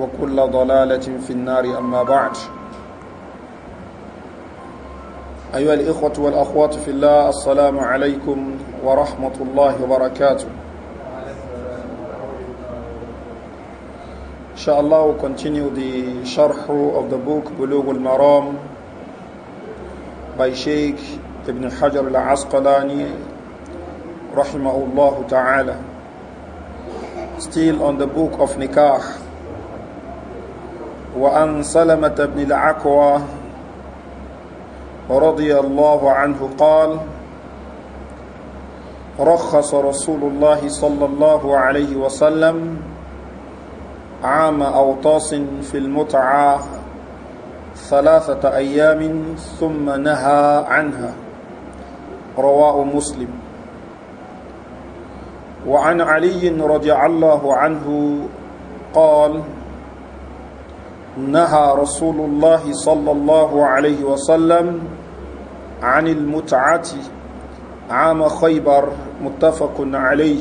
وكل ضلالة في النار أما بعد أيها الإخوة والأخوات في الله السلام عليكم ورحمة الله وبركاته إن شاء الله we'll continue the شرح of the book بلوغ المرام by Sheikh Ibn Hajar al-Asqalani رحمه الله تعالى still on the book of Nikah وعن سلمة بن العكوى رضي الله عنه قال رخص رسول الله صلى الله عليه وسلم عام أوطاس في المتعة ثلاثة أيام ثم نهى عنها رواه مسلم وعن علي رضي الله عنه قال نهى رسول الله صلى الله عليه وسلم عن المتعة عام خيبر متفق عليه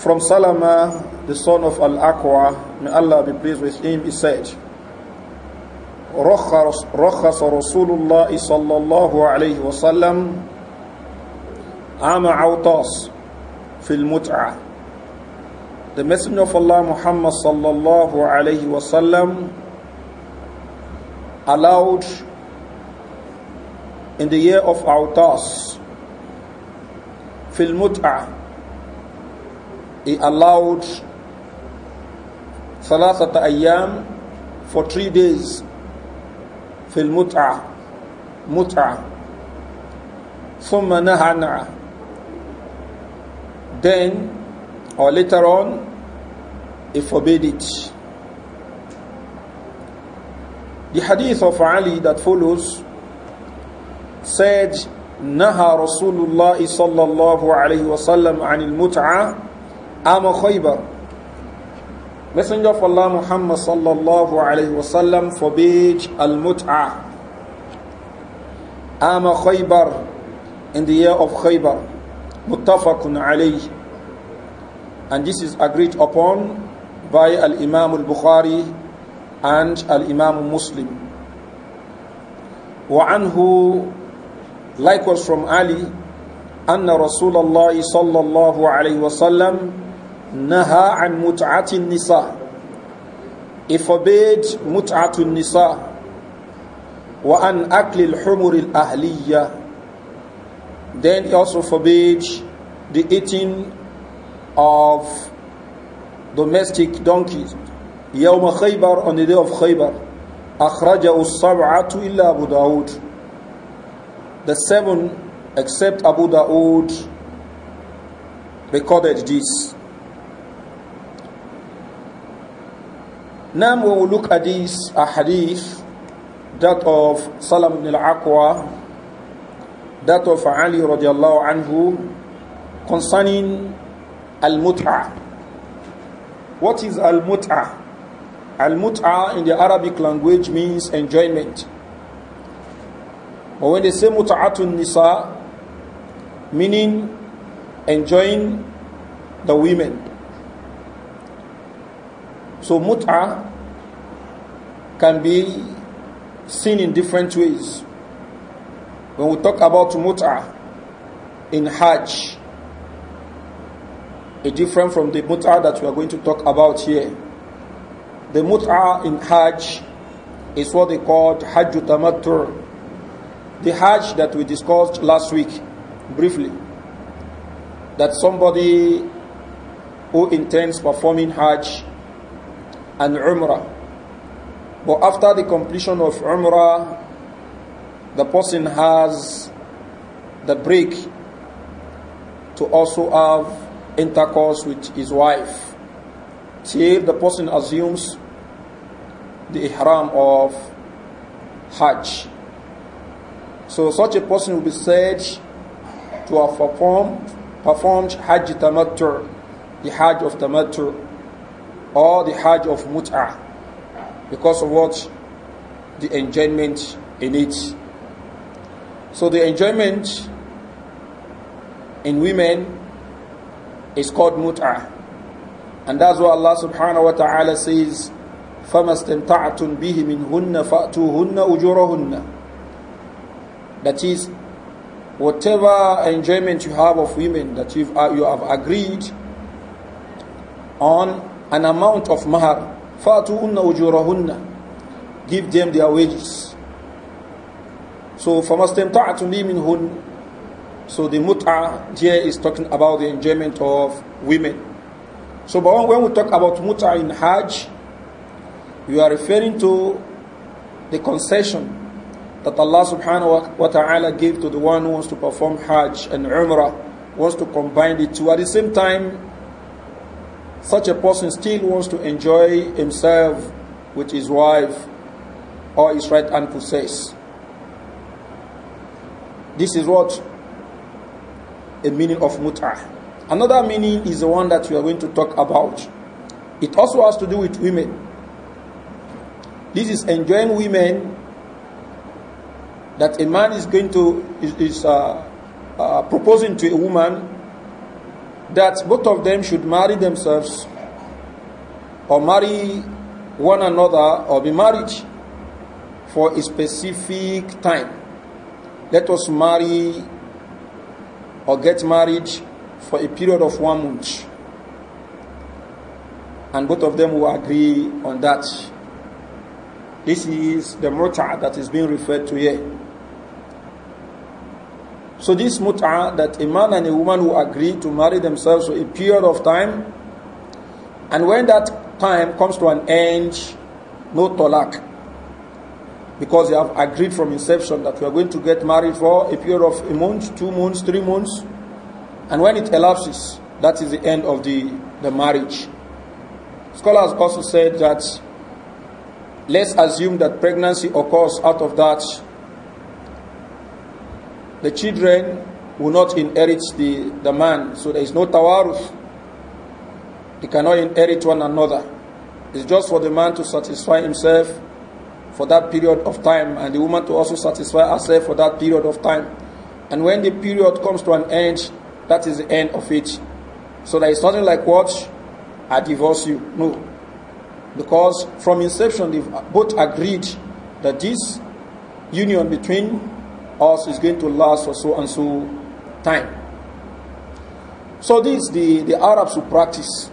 From Salama, the son of Al-Aqwa, may Allah be pleased with him, he said, رخص رسول الله صلى الله عليه وسلم عام عوطاس في المتعه the Messenger of Allah Muhammad sallallahu alayhi wasallam allowed in the year of Autas fil mut'a he allowed thalathata ayyam for 3 days fil mut'a mut'a thumma nahana then or later on he forbade it. The hadith of Ali that follows said, Naha Rasulullah sallallahu alayhi wa sallam anil mut'a ama khaybar. Messenger of Allah Muhammad sallallahu alayhi wa sallam forbade al mut'a ama khaybar in the year of khaybar. Muttafaqun alayh. And this is agreed upon by Al Imam Al Bukhari and Al Imam Muslim. وعنه likewise from Ali Anna Rasulullah الله صلى الله عليه Naha an mut'atin nisa. He forbade متعة النساء وأن أكل الحمر الأهلية Then he also forbade the eating of domestic donkeys. Yawma Khaybar, on the day of Khaybar. أخرجه السبعة illa Abu داود The seven except Abu Dawood recorded this. Now we will look at this a hadith, that of Salam ibn al-Aqwa, that of Ali radiallahu anhu, concerning al-mut'a. What is al mut'ah? Al mut'ah in the Arabic language means enjoyment. But when they say mut'atun nisa, meaning enjoying the women. So mut'ah can be seen in different ways. When we talk about mut'ah in Hajj, is different from the mut'ah that we are going to talk about here. The mut'ah in Hajj is what they called Hajj Tamattur, the Hajj that we discussed last week briefly. That somebody who intends performing Hajj and Umrah, but after the completion of Umrah, the person has the break to also have intercourse with his wife till the person assumes the ihram of Hajj. So such a person will be said to have performed, performed Hajj Tamattu, the Hajj of Tamattu, or the Hajj of Mut'ah, because of what? The enjoyment in it. So the enjoyment in women is called muta, And that's what Allah subhanahu wa ta'ala says, فَمَا اسْتَمْتَعْتُمْ بِهِ مِنْهُنَّ فَأْتُوهُنَّ أُجُورَهُنَّ That is, whatever enjoyment you have of women that you've, uh, you have agreed on an amount of mahar, فَأْتُوهُنَّ أُجُورَهُنَّ Give them their wages. So, فَمَا اسْتَمْتَعْتُمْ بِهِ مِنْهُنَّ so the muta here is talking about the enjoyment of women. So but when we talk about muta in Hajj, you are referring to the concession that Allah subhanahu wa ta'ala gave to the one who wants to perform Hajj and Umrah, wants to combine the two. At the same time, such a person still wants to enjoy himself with his wife or his right hand possess. This is what a meaning of mut'ah. Another meaning is the one that we are going to talk about. It also has to do with women. This is enjoying women that a man is going to is, is uh, uh, proposing to a woman that both of them should marry themselves or marry one another or be married for a specific time. Let us marry or get married for a period of one month. And both of them will agree on that. This is the mut'a that is being referred to here. So this mut'a that a man and a woman will agree to marry themselves for a period of time, and when that time comes to an end, no talak because you have agreed from inception that you are going to get married for a period of a month, two months, three months, and when it elapses, that is the end of the, the marriage. Scholars also said that let's assume that pregnancy occurs out of that. The children will not inherit the, the man, so there is no tawarus. They cannot inherit one another. It's just for the man to satisfy himself for that period of time, and the woman to also satisfy herself for that period of time. And when the period comes to an end, that is the end of it. So it's nothing like what I divorce you. No, because from inception they both agreed that this union between us is going to last for so and so time. So this the, the Arabs who practice.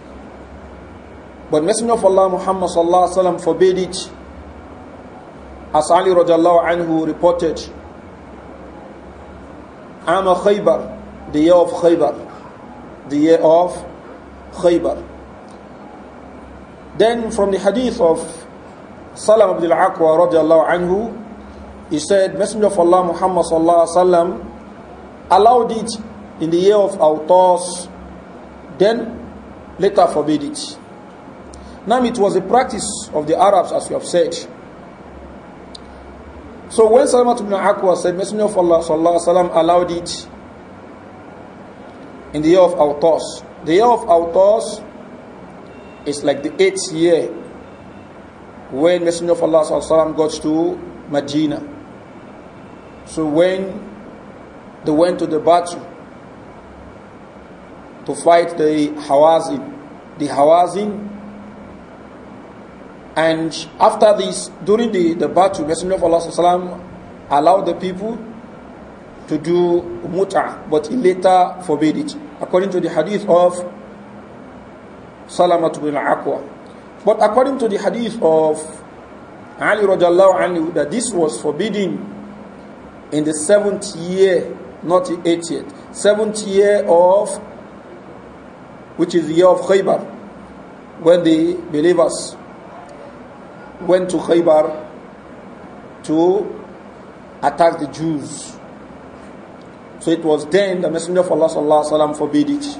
But Messenger of Allah Muhammad sallallahu alaihi wasallam forbade it. As Ali radiallahu anhu reported, I'm a Khaybar, the year of Khaybar, the year of Khaybar. Then from the hadith of Salam Abdul Aqwa radiallahu anhu, he said, Messenger of Allah Muhammad sallallahu alaihi wasallam allowed it in the year of Autos, then later forbade it. Now it was a practice of the Arabs, as we have said, so when Salamat ibn Aqwa said, Messenger of Allah sallallahu sallam, allowed it in the year of Autos. The year of Autos is like the eighth year when Messenger of Allah sallallahu sallam, got to Medina. So when they went to the battle to fight the Hawazin, the Hawazin and after this, during the, the battle, Messenger of Allah وسلم, allowed the people to do muta, but he later forbade it, according to the hadith of Salamat bin Aqwa. But according to the hadith of Ali radiallahu anhu, that this was forbidden in the seventh year, not the eightieth, seventh year of, which is the year of Khaybar, when the believers went to Khaybar to attack the Jews. So it was then the Messenger of Allah sallallahu alaihi wasallam forbid it.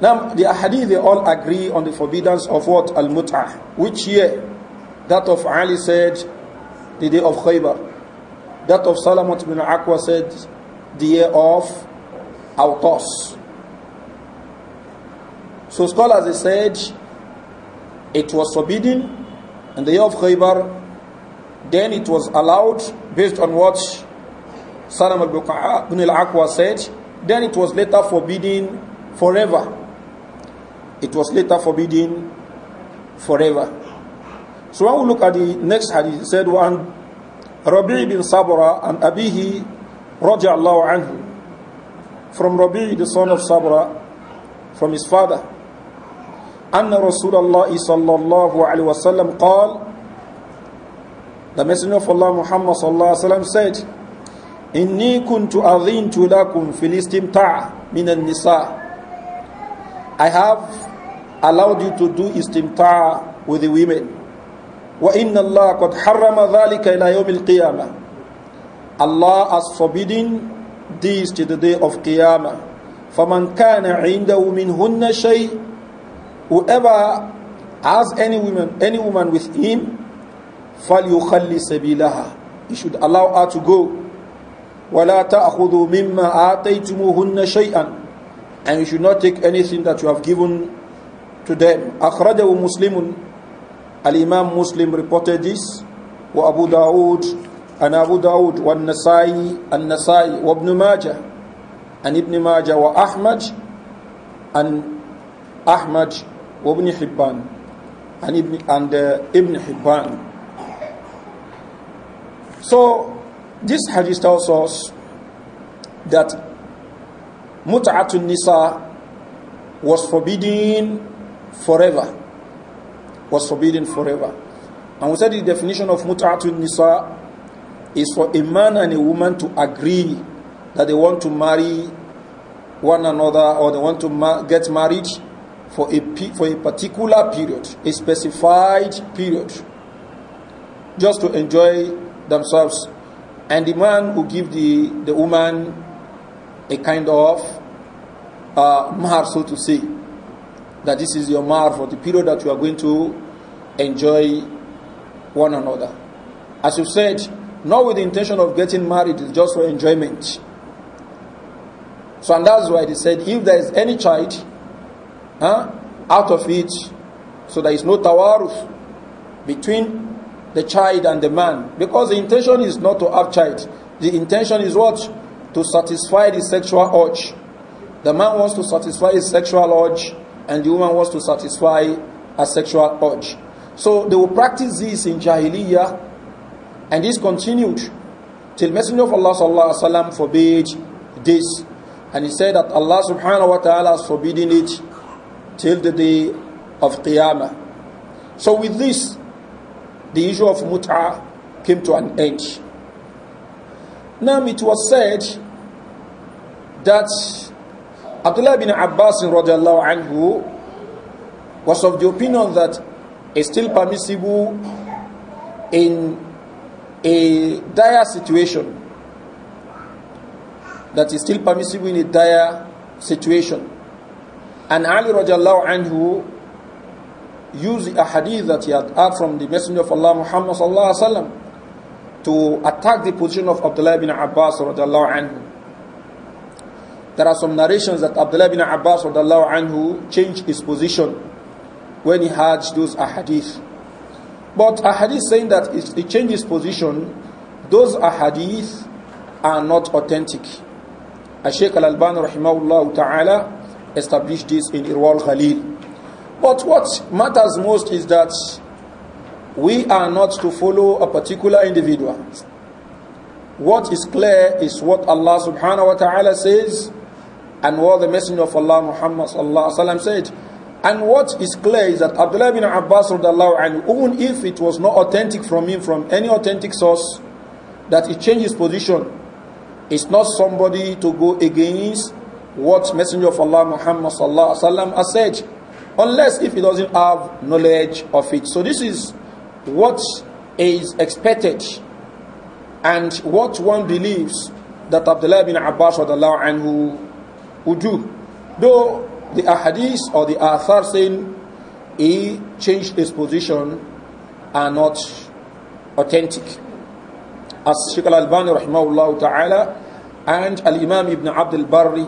Now the hadith they all agree on the forbiddance of what al mut'ah, which year that of Ali said the day of Khaybar, that of Salamat bin Aqwa said the year of Autos. So scholars they said it was forbidden in the year of Khaybar, then it was allowed based on what Salam al ibn al-Aqwa said. Then it was later forbidden forever. It was later forbidden forever. So when we look at the next hadith, it said, one Rabi' bin Sabra and Abihi رَجَعَ اللَّهُ From Rabi' the son of Sabra, from his father, أن رسول الله صلى الله عليه وسلم قال The Messenger of Allah Muhammad صلى الله عليه وسلم said إني كنت أذنت لكم في الاستمتاع من النساء I have allowed you to do istimta' with the women وإن الله قد حرم ذلك إلى يوم القيامة Allah has forbidden this to the day of Qiyamah فمن كان عنده منهن شيء whoever has any woman, any woman with him, فَلْيُخَلِّ سَبِيلَهَا He should allow her to go. وَلَا تَأْخُذُوا مِمَّا آتَيْتُمُهُنَّ شَيْئًا And you should not take anything that you have given to them. أَخْرَجَهُ مُسْلِمٌ Al-Imam Muslim reported this. وَأَبُو دَاوُدْ and Abu Dawud والنسائي Nasai وابن ماجه and Ibn Majah وأحمد and Ahmad وابن حبان and Ibn, and, Ibn So this hadith tells us that mut'atun nisa was forbidden forever. Was forbidden forever. And we said the definition of mut'atun nisa is for a man and a woman to agree that they want to marry one another or they want to ma get married for a, for a particular period, a specified period, just to enjoy themselves. And the man will give the, the woman a kind of uh, mar, so to say, that this is your mar for the period that you are going to enjoy one another. As you said, not with the intention of getting married, it's just for enjoyment. So, and that's why they said if there is any child huh, out of it. So there is no tawaruf between the child and the man. Because the intention is not to have child. The intention is what? To satisfy the sexual urge. The man wants to satisfy his sexual urge and the woman wants to satisfy a sexual urge. So they will practice this in Jahiliyyah and this continued till Messenger of Allah sallallahu alaihi wasallam forbade this. And he said that Allah subhanahu wa ta'ala has forbidden it till the day of Qiyamah. So with this, the issue of mut'ah came to an end. Now it was said that Abdullah bin Abbas radiallahu anhu was of the opinion that it's still permissible in a dire situation. That is still permissible in a dire situation and Ali radiallahu anhu used a hadith that he had heard from the Messenger of Allah Muhammad sallallahu alaihi wasallam to attack the position of Abdullah bin Abbas radiallahu anhu. There are some narrations that Abdullah bin Abbas radiallahu anhu changed his position when he heard those ahadith. But ahadith saying that he changed his position, those ahadith are not authentic. Sheikh Al-Albani rahimahullah ta'ala established this in Irwal Khalil. But what matters most is that we are not to follow a particular individual. What is clear is what Allah subhanahu wa ta'ala says and what the Messenger of Allah Muhammad sallallahu alayhi wa said. And what is clear is that Abdullah bin Abbas anhu, even if it was not authentic from him, from any authentic source, that he changed his position, it's not somebody to go against what Messenger of Allah Muhammad sallallahu alaihi wasallam has said, unless if he doesn't have knowledge of it. So this is what is expected and what one believes that Abdullah bin Abbas radiallahu anhu would do. Though the ahadith or the athar saying he changed his position are not authentic. As Sheikh al-Albani rahimahullah ta'ala and al-Imam ibn Abdul Barri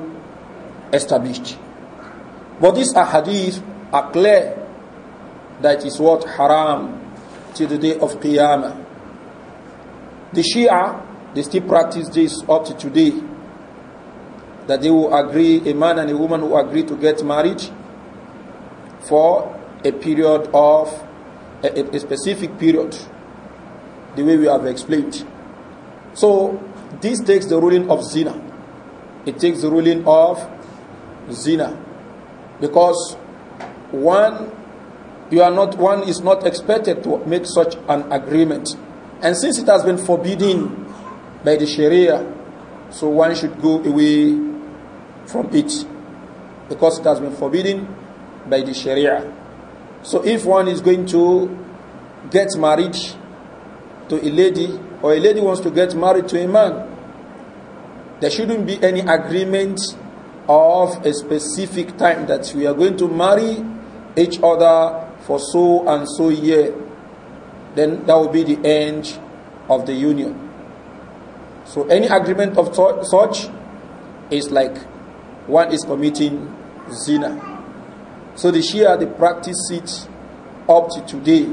established. But these ahadith are clear that is what haram till the day of Qiyamah. The Shia, they still practice this up to today. That they will agree, a man and a woman will agree to get married for a period of, a, a specific period, the way we have explained. So, this takes the ruling of zina. It takes the ruling of zina because one you are not one is not expected to make such an agreement and since it has been forbidden by the sharia so one should go away from it because it has been forbidden by the sharia so if one is going to get married to a lady or a lady wants to get married to a man there shouldn't be any agreement of a specific time that we are going to marry each other for so and so year, then that will be the end of the union. So any agreement of such is like one is committing zina. So the Shia they practice it up to today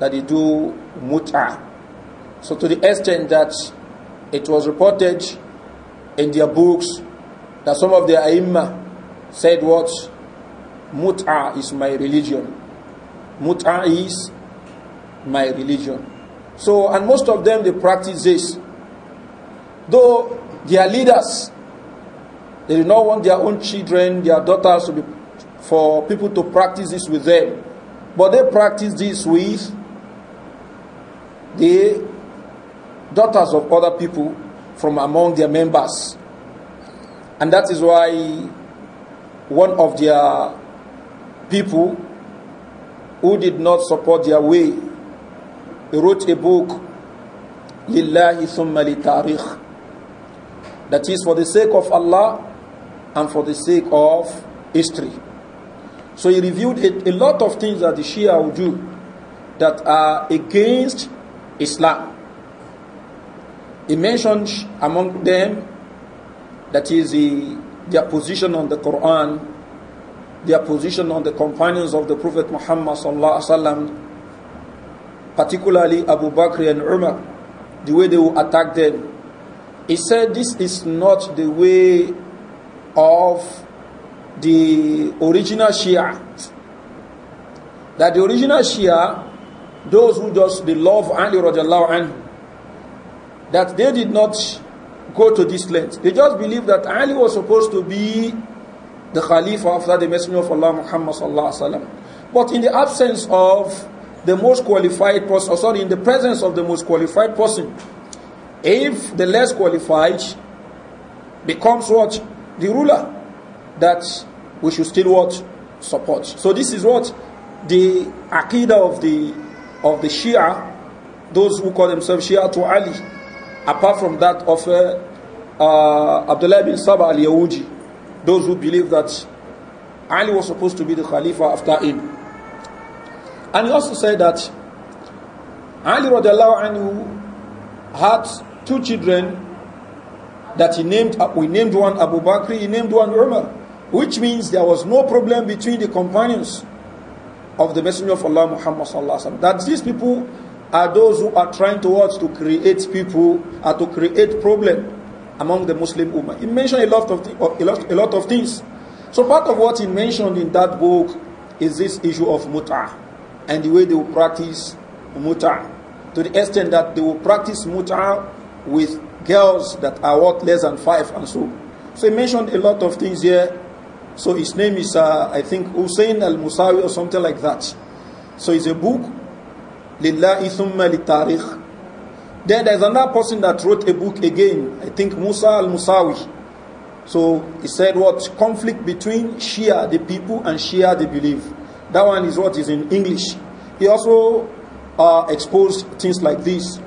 that they do muta. So to the extent that it was reported in their books that some of the Aimma said what? Mut'a is my religion. Mut'a is my religion. So, and most of them, they practice this. Though their leaders, they do not want their own children, their daughters to be, for people to practice this with them. But they practice this with the daughters of other people from among their members. And that is why one of their people who did not support their way wrote a book, Lillahi Thumma Li Tariq. That is for the sake of Allah and for the sake of history. So he reviewed a, a lot of things that the Shia would do that are against Islam. He mentioned among them that is the, their position on the Quran, their position on the companions of the Prophet Muhammad sallallahu alaihi wasallam, particularly Abu Bakr and Umar, the way they will attack them. He said this is not the way of the original Shia. That the original Shia, those who just the love Ali radiallahu anhu, that they did not go to this length. They just believe that Ali was supposed to be the Khalifa after the Messenger of Allah Muhammad sallallahu But in the absence of the most qualified person, sorry, in the presence of the most qualified person, if the less qualified becomes what the ruler, that we should still what support. So this is what the aqidah of the of the Shia, those who call themselves Shia to Ali, apart from that of uh, uh, Abdullah bin Saba al yawuji those who believe that Ali was supposed to be the Khalifa after him. And he also said that Ali anhu had two children that he named, we named one Abu Bakr, he named one Umar, which means there was no problem between the companions of the Messenger of Allah Muhammad sallallahu alaihi wasallam. That these people are those who are trying towards to create people are to create problem among the Muslim woman. He mentioned a lot of a lot, a lot of things. So part of what he mentioned in that book is this issue of muta and the way they will practice muta to the extent that they will practice muta with girls that are worth less than five and so. So he mentioned a lot of things here. So his name is uh, I think Hussein Al Musawi or something like that. So it's a book lillahi thumma tarikh. Then there's another person that wrote a book again, I think Musa al-Musawi. So he said what? Conflict between Shia, the people, and Shia, the belief. That one is what is in English. He also uh, exposed things like this.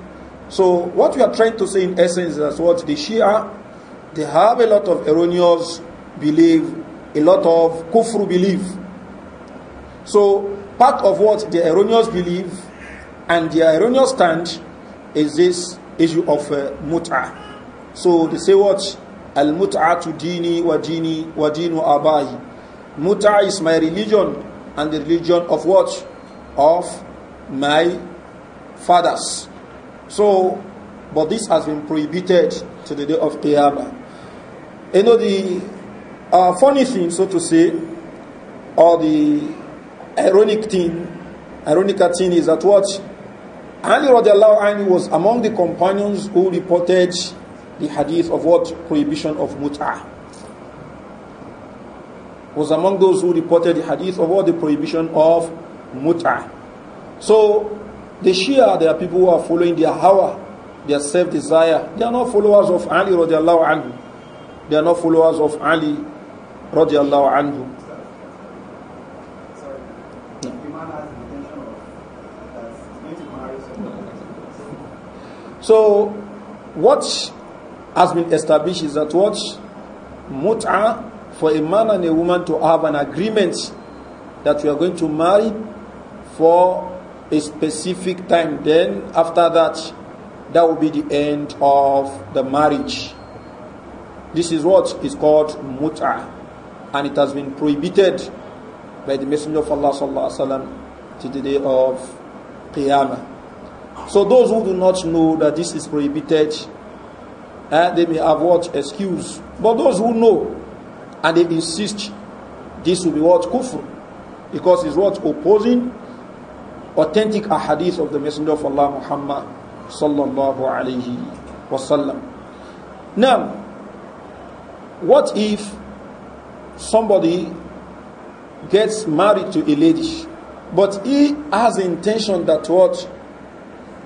So what we are trying to say in essence is what the Shia, they have a lot of erroneous belief, a lot of kufru belief. So part of what the erroneous belief And the erroneous stand is this issue of uh, mut'ah. So they say what? Al mut'atu dini wa dini wa dinu abahi. Muta is my religion and the religion of what? Of my fathers. So, but this has been prohibited to the day of Qiyamah. You know, the uh, funny thing, so to say, or the ironic thing, ironical thing is that what? Ali radiallahu anhu was among the companions who reported the hadith of what prohibition of mut'ah was among those who reported the hadith of what the prohibition of mut'ah. So the Shia, there are people who are following their hawa, their self-desire. They are not followers of Ali radiallahu anhu. They are not followers of Ali radiallahu anhu. So, what has been established is that what mut'a for a man and a woman to have an agreement that we are going to marry for a specific time. Then, after that, that will be the end of the marriage. This is what is called mut'a, and it has been prohibited by the Messenger of Allah to the day of Qiyamah. So those who do not know that this is prohibited, eh, they may have what excuse. But those who know and they insist, this will be what kufr, because it's what opposing authentic ahadith of the Messenger of Allah Muhammad sallallahu alaihi wasallam. Now, what if somebody gets married to a lady, but he has intention that what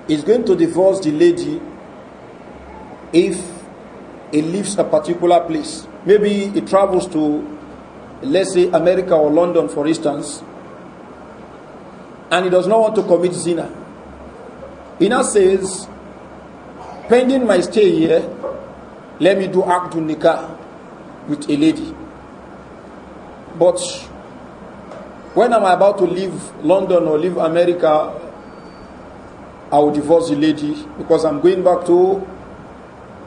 is going to divorce the lady if he leaves a particular place. Maybe he travels to, let's say, America or London, for instance, and he does not want to commit zina. He now says, pending my stay here, let me do akdu nikah with a lady. But when am I about to leave London or leave America I will divorce the lady because I'm going back to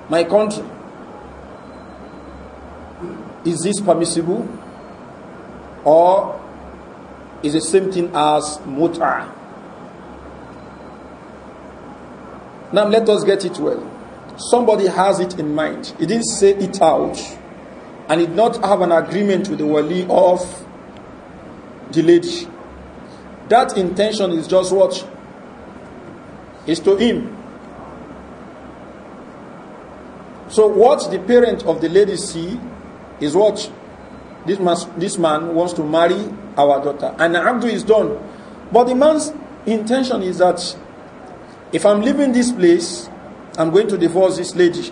my country. Is this permissible? Or is the same thing as muta? Now let us get it well. Somebody has it in mind. He didn't say it out and did not have an agreement with the wali of the lady. That intention is just what? is to him. So what the parent of the lady see is what this man, this man wants to marry our daughter. And Abdu is done. But the man's intention is that if I'm leaving this place, I'm going to divorce this lady.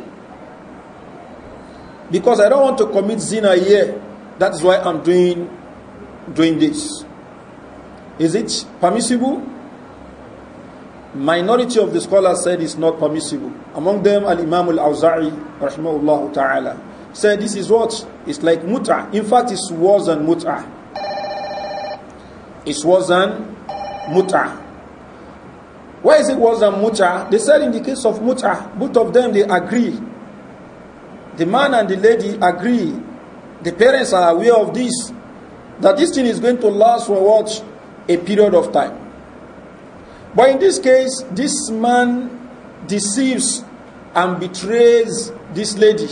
Because I don't want to commit zina here. That is why I'm doing doing this. Is it permissible? minority of the scholars said it's not permissible. Among them, Al Imam Al Awza'i, rahimahullah ta'ala, said this is what? It's like muta. In fact, it's worse than muta. It's worse than muta. Why is it worse than muta? They said in the case of muta, both of them they agree. The man and the lady agree. The parents are aware of this. That this thing is going to last for what? A period of time. But in this case, this man deceives and betrays this lady.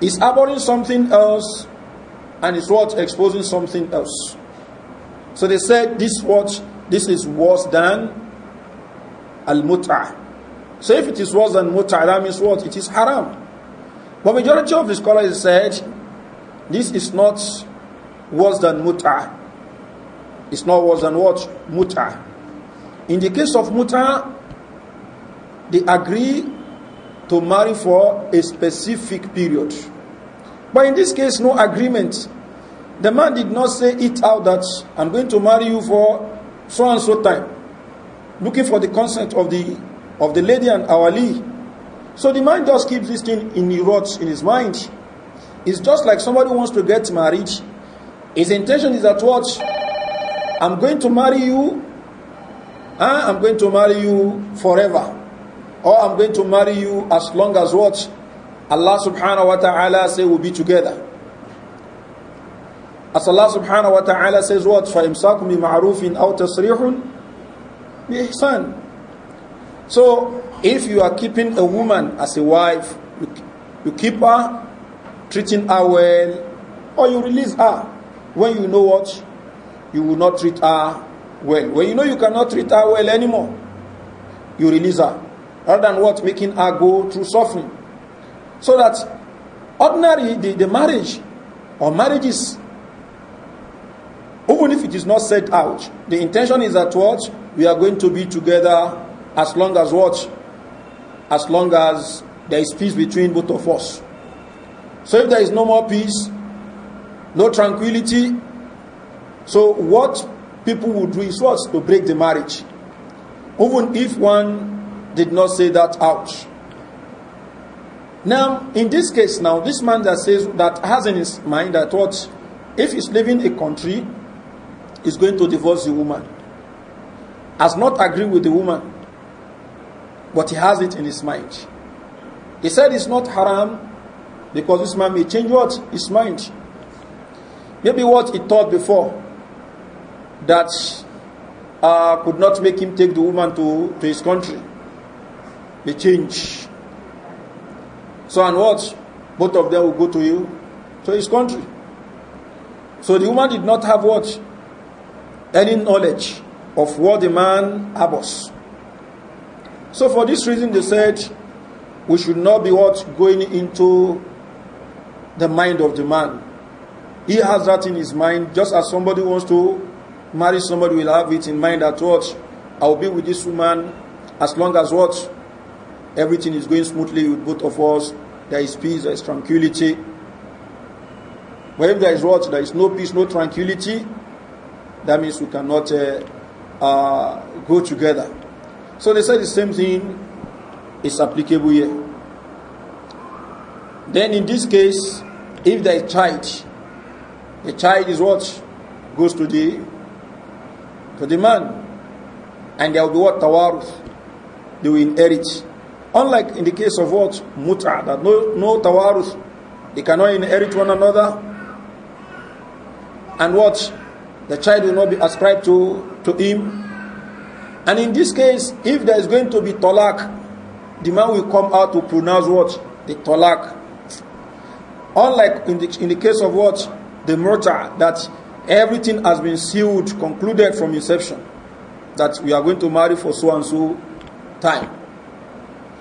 He's abhorring something else and it's what? Exposing something else. So they said this what this is worse than al mut'ah. So if it is worse than mut'ah, that means what? It is haram. But majority of the scholars said this is not worse than mut'ah. It's not worse than what? Muta. In the case of muta, they agree to marry for a specific period. But in this case, no agreement. The man did not say it out that I'm going to marry you for so and so time, looking for the consent of the of the lady and awali. So the man just keeps this thing in the rot in his mind. It's just like somebody wants to get married. His intention is that what I'm going to marry you, huh? I'm going to marry you forever, or I'm going to marry you as long as what Allah subhanahu wa ta'ala say we'll be together. As Allah subhanahu wa ta'ala says what? فَإِمْسَاكُمْ بِمَعْرُوفٍ أَوْ تَصْرِيحٌ بِإِحْسَانٍ So, if you are keeping a woman as a wife, you, you keep her, treating her well, or you release her when you know what? you will not treat her well. When you know you cannot treat her well anymore, you release her. Rather than what? Making her go through suffering. So that ordinary, the, the marriage or marriages, even if it is not set out, the intention is that what? We are going to be together as long as what? As long as there is peace between both of us. So if there is no more peace, no tranquility, so what people would do is what? To break the marriage. Even if one did not say that out. Now, in this case, now this man that says that has in his mind that what if he's leaving a country, he's going to divorce the woman. Has not agreed with the woman, but he has it in his mind. He said it's not haram because this man may change what his mind. Maybe what he thought before that uh, could not make him take the woman to, to his country. The change. So, and what? Both of them will go to you, to his country. So the woman did not have what? Any knowledge of what the man abhors. So for this reason, they said we should not be what? Going into the mind of the man. He has that in his mind, just as somebody wants to marry somebody will have it in mind that what I'll be with this woman as long as what everything is going smoothly with both of us. There is peace, there is tranquility. But if there is what? There is no peace, no tranquility, that means we cannot uh, uh, go together. So they said the same thing is applicable here. Then in this case, if there is child, the child is what? Goes to the to the man. And there will be what tawarus they will inherit. Unlike in the case of what muta, that no no tawarus, they cannot inherit one another. And what the child will not be ascribed to to him. And in this case, if there is going to be talak, the man will come out to pronounce what the talak. Unlike in the, in the case of what the murder that everything has been sealed, concluded from inception that we are going to marry for so and so time.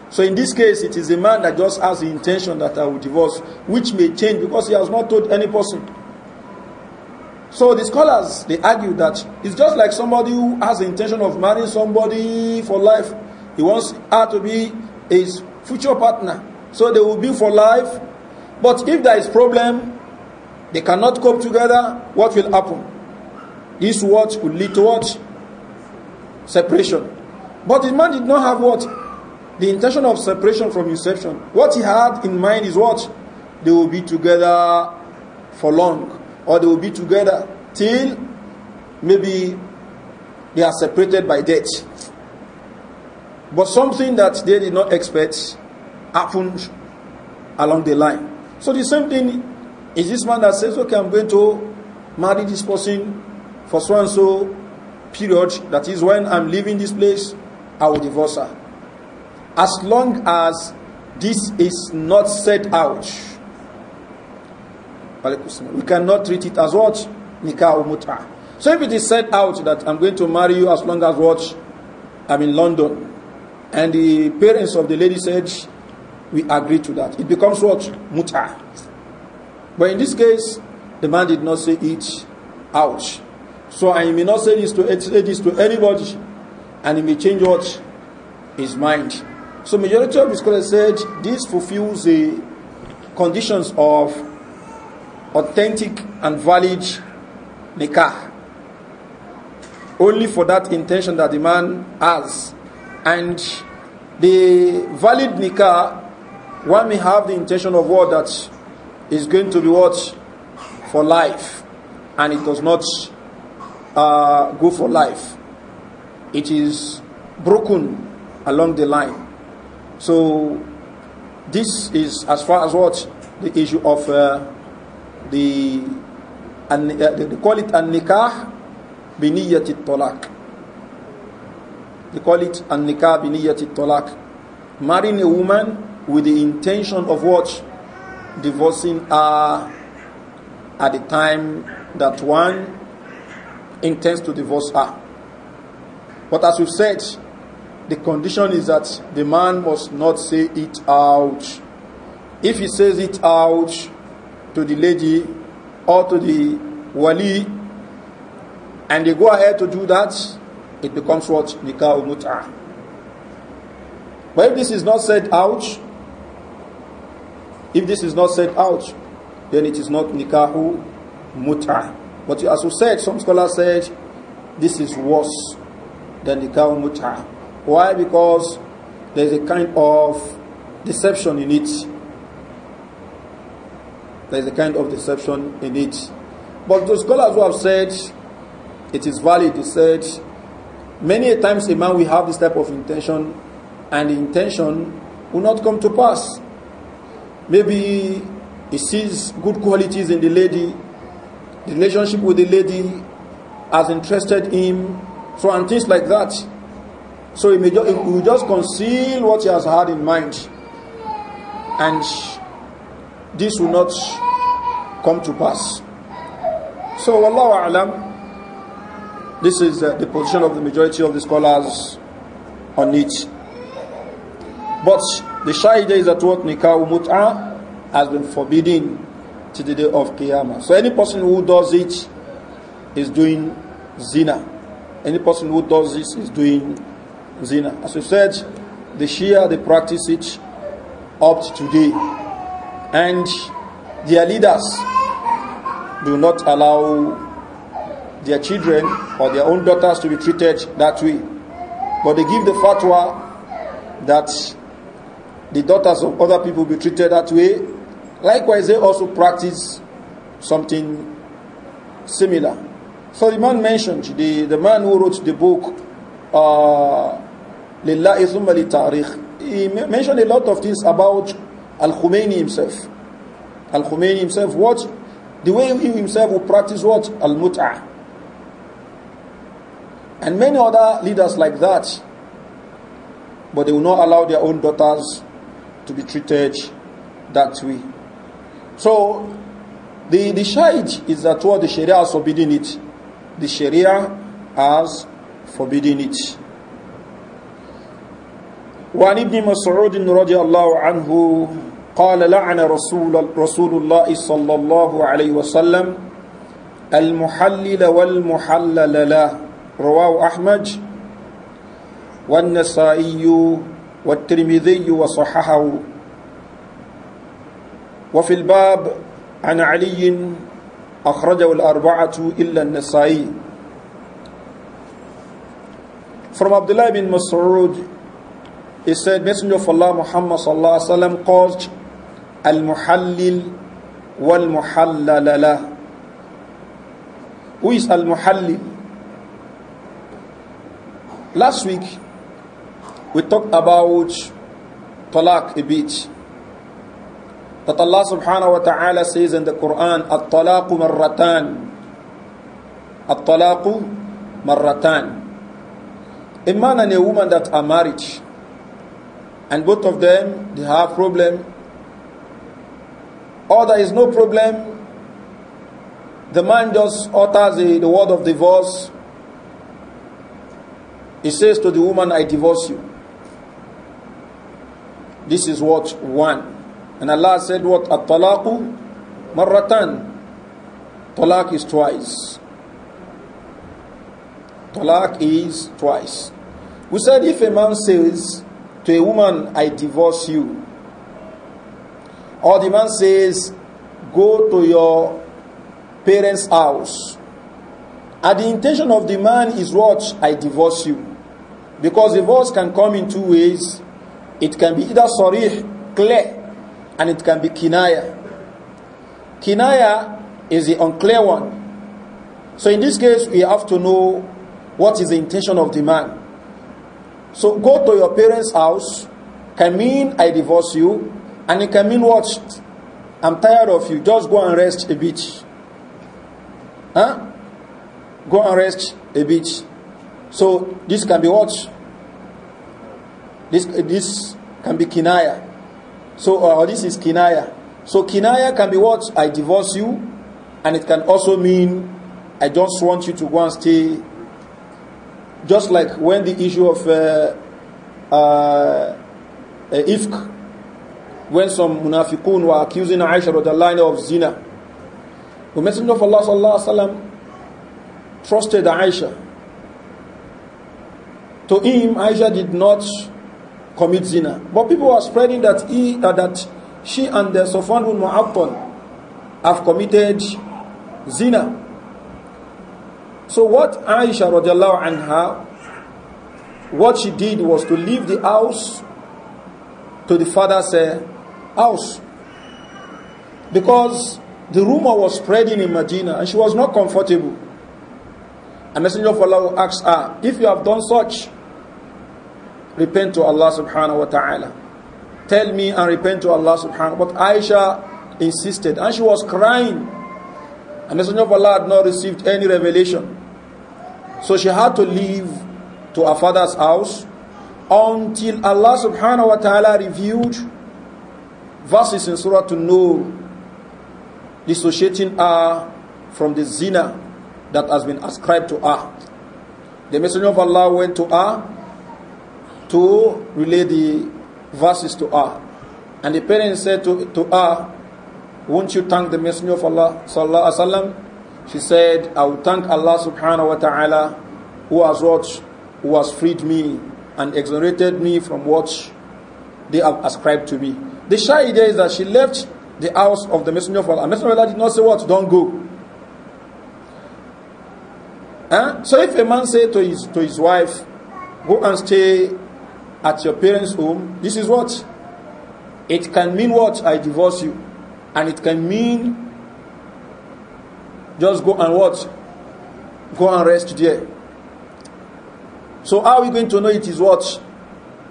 So in this case, it is a man that just has the intention that I will divorce, which may change because he has not told any person. So the scholars they argue that it's just like somebody who has the intention of marrying somebody for life. He wants her to be his future partner. So they will be for life. But if there is problem, they cannot cope together, what will happen? This what will lead to what? Separation. But the man did not have what? The intention of separation from inception. What he had in mind is what? They will be together for long. Or they will be together till maybe they are separated by death. But something that they did not expect happened along the line. So the same thing is this man that says, okay, I'm going to marry this person for so and so period, that is when I'm leaving this place, I will divorce her. As long as this is not set out, we cannot treat it as what? Nikah muta. So if it is set out that I'm going to marry you as long as what? I'm in London. And the parents of the lady said, we agree to that. It becomes what? Muta. But in this case, the man did not say it ouch," So I may not say this to say this to anybody, and he may change what his mind. So majority of his scholars said this fulfills the conditions of authentic and valid nikah. Only for that intention that the man has. And the valid nikah, one may have the intention of what that is going to be what? For life. And it does not uh, go for life. It is broken along the line. So this is as far as what the issue of uh, the and uh, they call it an nikah biniyat talaq. They call it an nikah biniyat talaq. Marrying a woman with the intention of what divorcing her at the time that one intends to divorce her. But as we've said, the condition is that the man must not say it out. If he says it out to the lady or to the wali, and they go ahead to do that, it becomes what? Nikah mut'ah. But if this is not said out, if this is not said out, then it is not nikahu mut'ah. But as we said, some scholars said this is worse than nikahu muta. Why? Because there's a kind of deception in it. There's a kind of deception in it. But the scholars who have said it is valid, they said many times a man will have this type of intention and the intention will not come to pass. Maybe he sees good qualities in the lady, the relationship with the lady has interested him, so and things like that. So he, may just, he will just conceal what he has had in mind. And this will not come to pass. So, Allah A'lam, this is uh, the position of the majority of the scholars on it. But the Shia is that what nikah mut'ah has been forbidden to the day of Qiyamah. So any person who does it is doing zina. Any person who does this is doing zina. As we said, the Shia they practice it up to today, and their leaders do not allow their children or their own daughters to be treated that way. But they give the fatwa that the daughters of other people be treated that way. Likewise, they also practice something similar. So the man mentioned, the, the man who wrote the book, uh, لله ثم he mentioned a lot of things about Al-Khomeini himself Al-Khomeini himself what the way he himself would practice what Al-Mut'ah and many other leaders like that but they will not allow their own daughters to be treated that way. So the, the shahid is that what the Sharia has forbidden it. The Sharia has forbidden it. وعن ابن مسعود رضي الله عنه قال لعن رسول, رسول الله صلى الله عليه وسلم المحلل والمحلل له رواه أحمد والنسائي والترمذي وصححه وفي الباب عن علي أخرجه الأربعة إلا النسائي From Abdullah bin Mas'ud, he said, Messenger of Allah Muhammad sallallahu alaihi wasallam called al-muhallil wal-muhallalala. Who is al-muhallil? Last week, we talked about talaq a bit. That Allah subhanahu wa ta'ala says in the Quran, At-talaqu marratan. At-talaqu marratan. A man and a woman that are married, and both of them, they have problem, or there is no problem, the man just utters the, the word of divorce. He says to the woman, I divorce you. This is what one. And Allah said what? At-talaqu marratan. Talaq is twice. Talaq is twice. We said if a man says to a woman, I divorce you, or the man says, go to your parents' house. And the intention of the man is what? I divorce you. Because divorce can come in two ways. It can be either sarih, clear, and it can be kinaya. Kinaya is the unclear one. So in this case, we have to know what is the intention of the man. So go to your parents' house can mean I divorce you, and it can mean what? I'm tired of you. Just go and rest a bit. Huh? Go and rest a bit. So this can be what? This, this can be kinaya. So, or uh, this is kinaya. So, kinaya can be what? I divorce you. And it can also mean I just want you to go and stay. Just like when the issue of uh, uh, uh ifk, when some munafiqun were accusing Aisha of zina, the Messenger of Allah sallallahu wasallam trusted Aisha. To him, Aisha did not commit zina. But people are spreading that he uh, that she and the Sofan bin Mu'attal have committed zina. So what Aisha radiallahu anha, what she did was to leave the house to the father's uh, house because the rumor was spreading in Medina and she was not comfortable. A messenger of Allah asked her, if you have done such, repent to Allah subhanahu wa ta'ala. Tell me and repent to Allah subhanahu wa ta'ala. But Aisha insisted and she was crying. And the Messenger of Allah had not received any revelation. So she had to leave to her father's house until Allah subhanahu wa ta'ala revealed verses in Surah to know dissociating her from the zina that has been ascribed to her. The Messenger of Allah went to her to relay the verses to her. And the parents said to, to her, Won't you thank the Messenger of Allah? Sallallahu Alaihi Wasallam? She said, I will thank Allah subhanahu wa ta'ala who has watched, who has freed me and exonerated me from what they have ascribed to me. The shy idea is that she left the house of the Messenger of Allah. Messenger of Allah did not say what? Don't go. Huh? So if a man say to his to his wife, go and stay at your parents' home, this is what? It can mean what? I divorce you. And it can mean just go and what? Go and rest there. So how are we going to know it is what?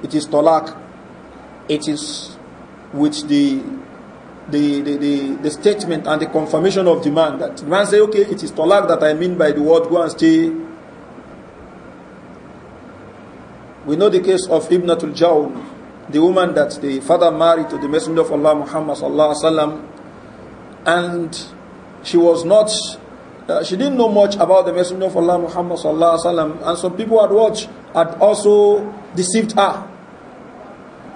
It is talak. It is with the the, the, the, the statement and the confirmation of the man that the man say, okay, it is talak that I mean by the word go and stay We know the case of Ibnatul Jawn, the woman that the father married to the Messenger of Allah Muhammad sallallahu alaihi wasallam, and she was not, uh, she didn't know much about the Messenger of Allah Muhammad sallallahu alaihi wasallam, and some people had watched had also deceived her.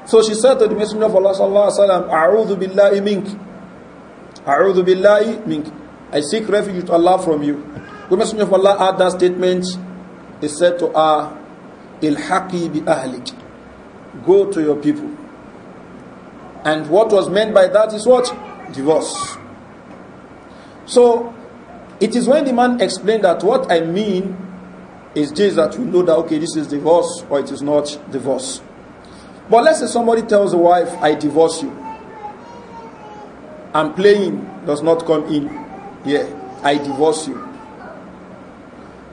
So she said to the Messenger of Allah sallallahu alaihi wasallam, "A'udhu billahi a'udhu billahi mink. I seek refuge to Allah from you." The Messenger of Allah had that statement. He said to her, ilhaqi bi ahlik. Go to your people. And what was meant by that is what? Divorce. So, it is when the man explained that what I mean is this that we know that, okay, this is divorce or it is not divorce. But let's say somebody tells the wife, I divorce you. And playing does not come in. Yeah, I divorce you.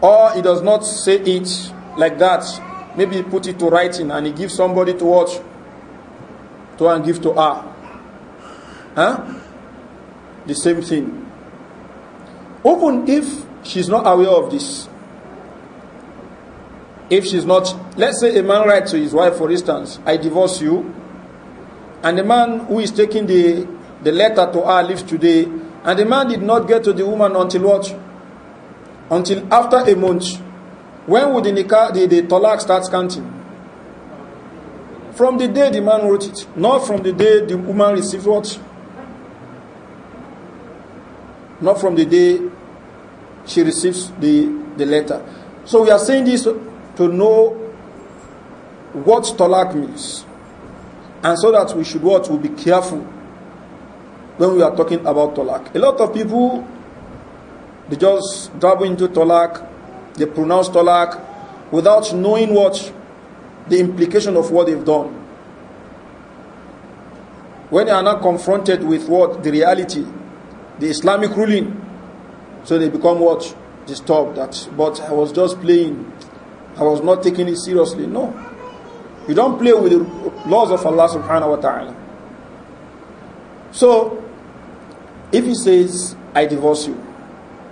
Or he does not say it like that. Maybe he put it to writing and he gives somebody to watch, to and give to her. Huh? The same thing. Even if she's not aware of this, if she's not, let's say a man writes to his wife, for instance, I divorce you, and the man who is taking the, the letter to her lives today, and the man did not get to the woman until what? Until after a month. When would the, nikah, the, the talaq start counting? From the day the man wrote it, not from the day the woman received what? Not from the day she receives the, the letter. So we are saying this to know what talaq means. And so that we should what? We'll be careful when we are talking about talaq. A lot of people, they just dabble into talaq They pronounce talak without knowing what the implication of what they've done. When they are not confronted with what the reality, the Islamic ruling, so they become what disturbed. That but I was just playing, I was not taking it seriously. No, you don't play with the laws of Allah Subhanahu wa Taala. So, if he says, "I divorce you,"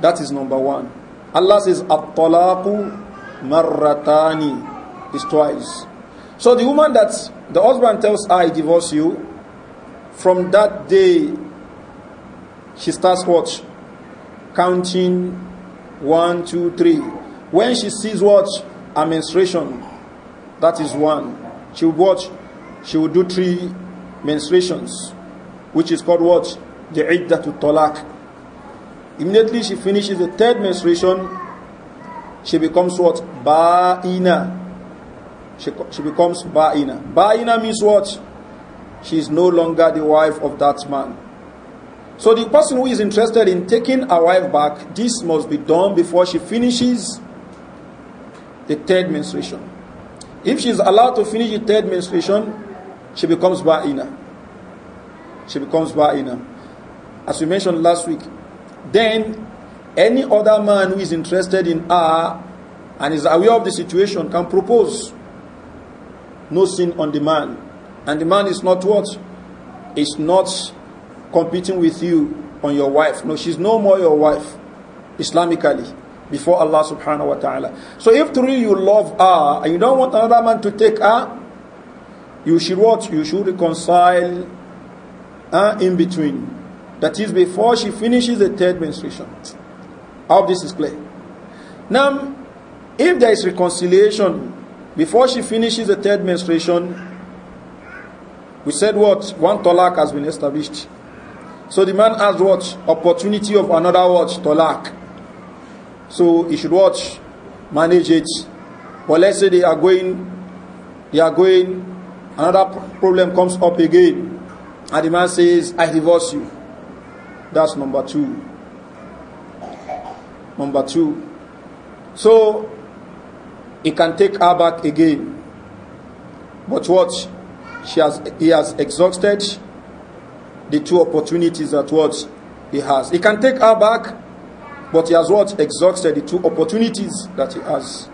that is number one. Allah says, At-talaqu marratani is twice. So the woman that the husband tells I divorce you, from that day, she starts what? Counting one, two, three. When she sees what? A menstruation. That is one. She will watch. She will do three menstruations, which is called what? The Idda to Talak. Immediately she finishes the third menstruation, she becomes what? Ba'ina. She, she becomes Ba'ina. Ba'ina means what? She is no longer the wife of that man. So the person who is interested in taking a wife back, this must be done before she finishes the third menstruation. If she is allowed to finish the third menstruation, she becomes Ba'ina. She becomes Ba'ina. As we mentioned last week, then any other man who is interested in her and is aware of the situation can propose. No sin on the man. And the man is not what? Is not competing with you on your wife. No, she's no more your wife, Islamically, before Allah subhanahu wa ta'ala. So if truly you love her and you don't want another man to take her, you should what? You should reconcile uh, in between. That is before she finishes the third menstruation. I hope this is clear. Now, if there is reconciliation before she finishes the third menstruation, we said what? One talak has been established. So the man has what? Opportunity of another watch, talak. So he should watch, manage it. But let's say they are going, they are going, another problem comes up again. And the man says, I divorce you. That's number two. Number two. So he can take her back again. But what? She has he has exhausted the two opportunities that what he has. He can take her back, but he has what? Exhausted the two opportunities that he has.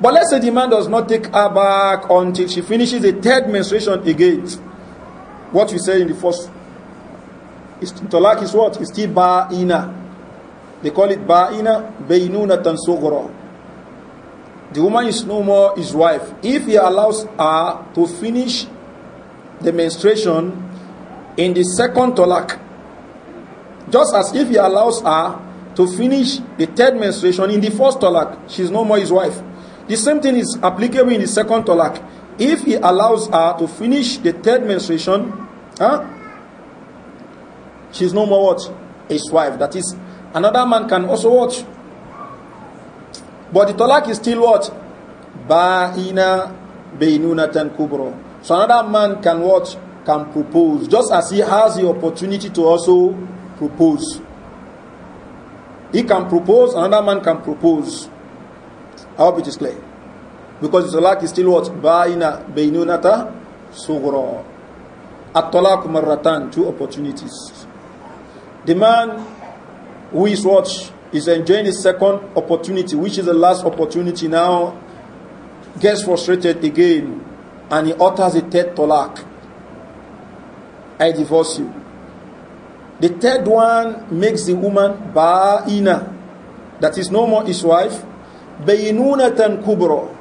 But let's say the man does not take her back until she finishes a third menstruation again. What we said in the first Is, talaq is what is It's still ba'ina. They call it ba'ina, bainuna tansughra. The woman is no more his wife. If he allows her to finish the menstruation in the second talaq, just as if he allows her to finish the third menstruation in the first talaq, she's no more his wife. The same thing is applicable in the second talaq. If he allows her to finish the third menstruation, huh, She's no more what? His wife. That is, another man can also watch. But the talak is still what? Ba'ina beinunatan kubro. So another man can watch, can propose, just as he has the opportunity to also propose. He can propose, another man can propose. I hope it is clear. Because the talak is still what? Ba'ina beinunata sugro. At-talaq marratan, two opportunities. The man who is what is enjoying his second opportunity, which is the last opportunity now, gets frustrated again and he utters a third talak. I divorce you. The third one makes the woman ba'ina, that is no more his wife, bayinunatan kubro.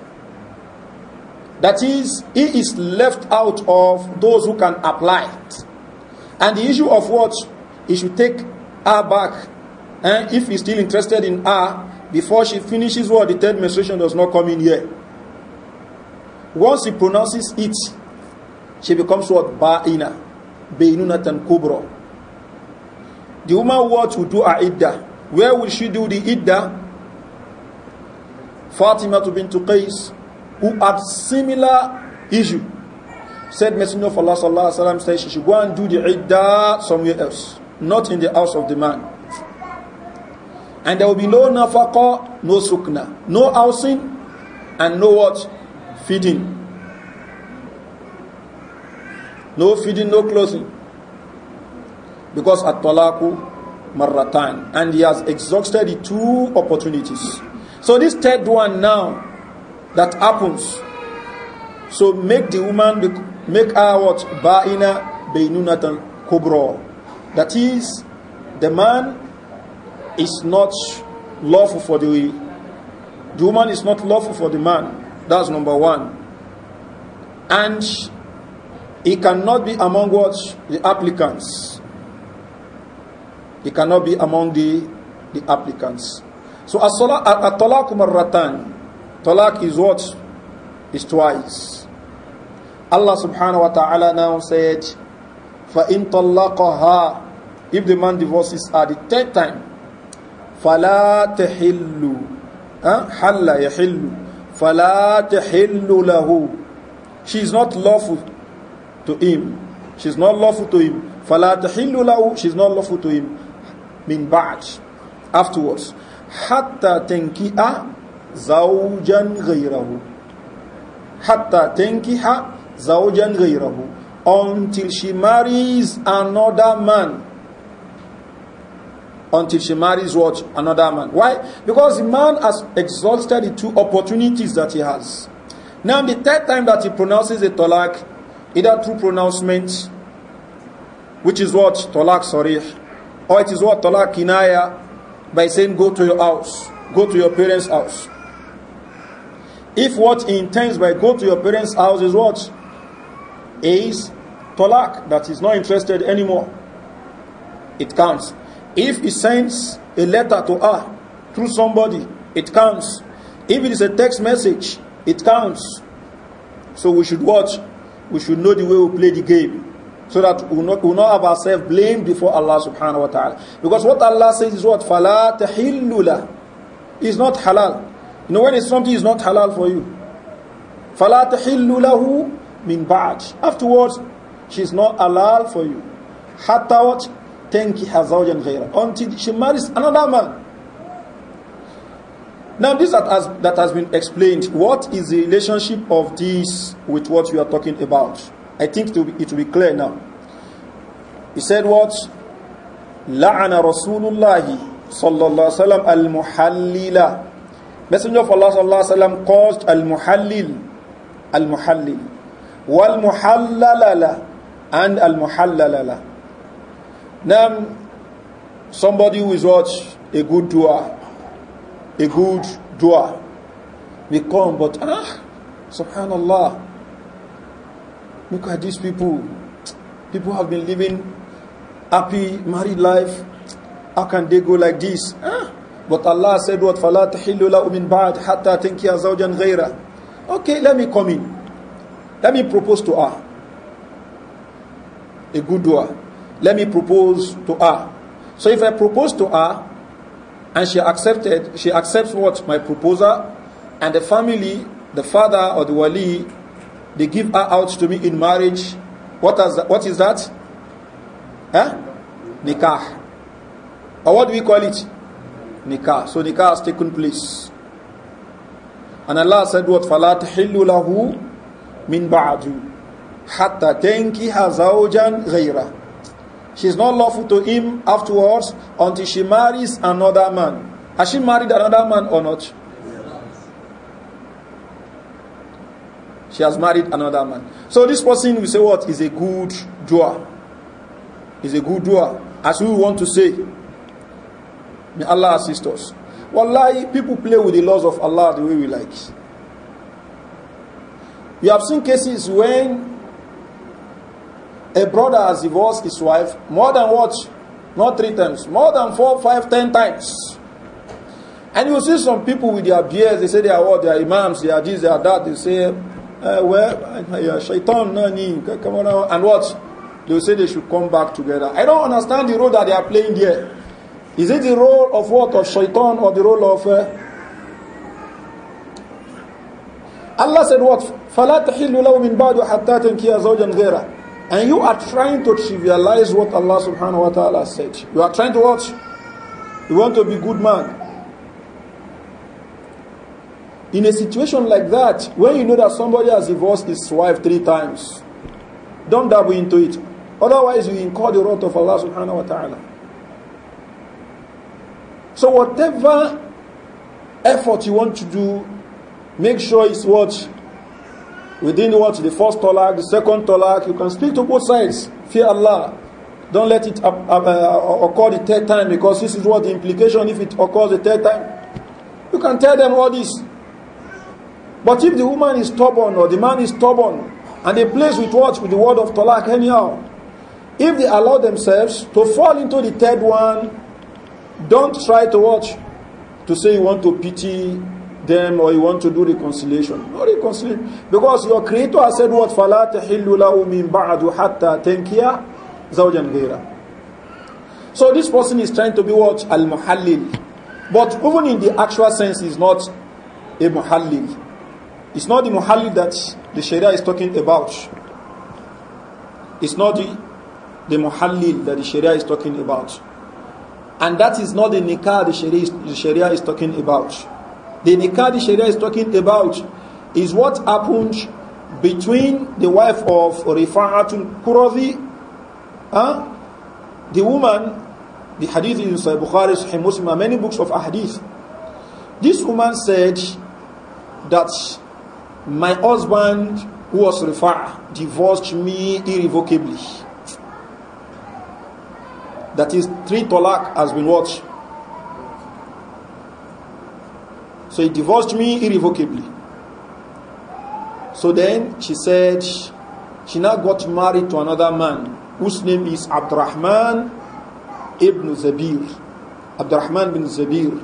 That is, he is left out of those who can apply it. And the issue of what he should take her back. And if he's still interested in her, before she finishes what the third menstruation does not come in here. Once he pronounces it, she becomes what? Ba'ina. Beinunatan kubro. The woman what will do her idda? Where will she do the idda? Fatima to bint Qais, who had similar issue, said Messenger of Allah sallallahu alaihi wasallam said she should go and do the idda somewhere else not in the house of the man. And there will be no nafaqa, no sukna, no housing, and no what? Feeding. No feeding, no clothing. Because at talaku marratan. And he has exhausted the two opportunities. So this third one now that happens. So make the woman, make her what? Ba'ina beinunatan kubro That is, the man is not lawful for the, the woman is not lawful for the man. That's number one. And he cannot be among what? The applicants. He cannot be among the, the applicants. So at-talaq marratan. Talaq is what? Is twice. Allah subhanahu wa ta'ala now said, فَإِن طَلَّقَهَا if the man divorces her the third time فلا تحل حل يحل فلا تحل له she is not lawful to him she is not lawful to him فلا تحل له she is not lawful to him من بعد afterwards حتى تنكئ زوجا غيره حتى تنكح زوجا غيره until she marries another man until she marries what? Another man. Why? Because the man has exhausted the two opportunities that he has. Now, the third time that he pronounces a talak, either through pronouncement, which is what? Talak sarih. Or it is what? Talak kinaya, by saying, go to your house, go to your parents' house. If what he intends by go to your parents' house is what? Is talak, that is not interested anymore, it counts. If he sends a letter to her through somebody, it counts. If it is a text message, it counts. So we should watch. We should know the way we play the game. So that we will not, we will not have ourselves blamed before Allah subhanahu wa ta'ala. Because what Allah says is what? falat تَحِلُّ Is not halal. You know when it's something is not halal for you. falat تَحِلُّ min bad. بَعْدِ Afterwards, she's not halal for you. حَتَّى what? tankiha zawjan ghayra until she marries another man. Now this that has, that has been explained, what is the relationship of this with what we are talking about? I think it will be, it will be clear now. He said what? لعن رسول الله sallallahu al عليه Messenger of Allah sallallahu alaihi wasallam caused al-muhallil al-muhallil wal-muhallalala and al-muhallalala now, somebody who is what? A good doer. A good doer. We come, but ah, subhanallah. Look at these people. People have been living happy married life. How can they go like this? Ah. But Allah said what فَلَا تَحِلُّ umin مِنْ بَعْدِ حَتَّى تَنْكِيَ زَوْجًا Okay, let me come in. Let me propose to her. A good doer let me propose to her. So if I propose to her and she accepted, she accepts what? My proposal and the family, the father or the wali, they give her out to me in marriage. What, has, what is that? Huh? Nikah. Or what do we call it? Nikah. So nikah has taken place. And Allah said what? falat تَحِلُّ min مِنْ hatta حَتَّى تَنْكِهَ زَوْجًا She's not lawful to him afterwards until she marries another man. Has she married another man or not? She has married another man. So this person we say what is a good doer. Is a good doer. As we want to say. May Allah assist us. Wallahi, people play with the laws of Allah the way we like. You have seen cases when a brother has divorced his wife more than what? Not three times, more than four, five, ten times. And you see some people with their beards, they say they are what? They are imams, they are this, they are that. They say, uh, well, shaitan, nani, come on And what? They say they should come back together. I don't understand the role that they are playing there. Is it the role of what? Of shaitan or the role of. Uh, Allah said what? فَلَا تَحِلُّ مِنْ بَعْدُ حَتَّى تَنْكِيَ زَوْجًا And you are trying to trivialize what Allah subhanahu wa ta'ala said. You are trying to watch. You want to be good man. In a situation like that, when you know that somebody has divorced his wife three times, don't dabble into it. Otherwise, you incur the wrath of Allah subhanahu wa ta'ala. So whatever effort you want to do, make sure it's what Within what? The first talaq, the second talaq, you can speak to both sides. Fear Allah. Don't let it uh, occur the third time because this is what the implication if it occurs the third time. You can tell them all this. But if the woman is stubborn or the man is stubborn and they plays with what? With the word of talaq anyhow. If they allow themselves to fall into the third one, don't try to watch to say you want to pity them or you want to do reconciliation. No reconciliation. Because your creator has said what? فَلَا تَحِلُّ لَهُ مِن بَعْدُ حَتَّى تَنْكِيَ زَوْجًا غَيْرًا So this person is trying to be what? Al-Muhallil. But even in the actual sense, he's not a Muhallil. It's not the Muhallil that the Sharia is talking about. It's not the, the Muhallil that the Sharia is talking about. And that is not the Nikah the Sharia is, the Sharia is talking about. The nikah the Sharia is talking about is what happened between the wife of Rifa'atul Qurazi, huh? the woman, the hadith in Sahih Bukhari, Sahih Muslim, many books of hadith. This woman said that my husband who was Rifa'a divorced me irrevocably. That is, three talak has been watched. So he divorced me irrevocably. So then she said, she now got married to another man whose name is Abdurrahman ibn Zabir. Abdurrahman bin Zabir.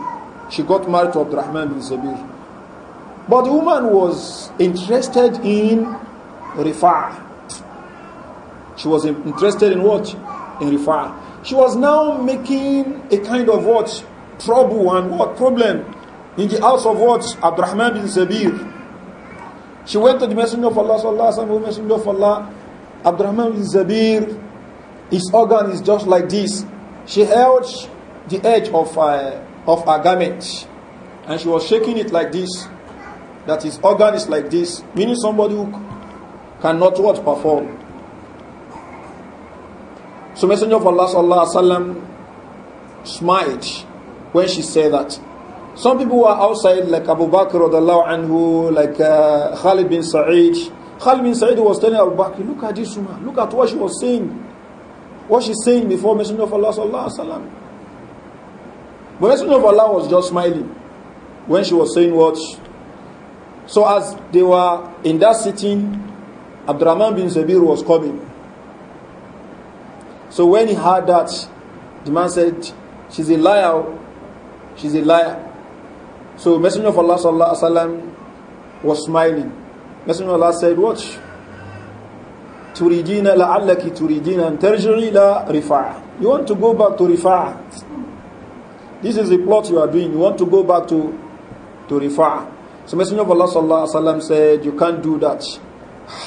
She got married to Abdurrahman bin Zabir. But the woman was interested in Rifa'. She was interested in what? In Rifa'. She was now making a kind of what? Trouble and what? Problem in the house of what? Abdurrahman bin Zabir. She went to the Messenger of Allah, Sallallahu Alaihi Wasallam, Messenger of Allah, Abdurrahman bin Zabir, his organ is just like this. She held the edge of, uh, of her garment and she was shaking it like this. That his organ is like this, meaning somebody who cannot what perform. So Messenger of Allah Sallallahu Alaihi Wasallam smiled when she said that. Some people who are outside, like Abu Bakr, anhu, like uh, Khalid bin Sa'id. Khalid bin Sa'id was telling Abu Bakr, look at this woman, look at what she was saying. What she's saying before Messenger of Allah. Sallallahu Alaihi Wasallam. But Messenger of Allah was just smiling when she was saying what. So as they were in that sitting, Abdurrahman bin Zabir was coming. So when he heard that, the man said, She's a liar. She's a liar. So Messenger of Allah sallallahu alaihi wasallam was smiling. Messenger of Allah said, "Watch." turidina la'allaki turijina an tarji'i la rifa'a you want to go back to rifa'a this is the plot you are doing you want to go back to to rifa'a so messenger of allah sallallahu alaihi wasallam said you can't do that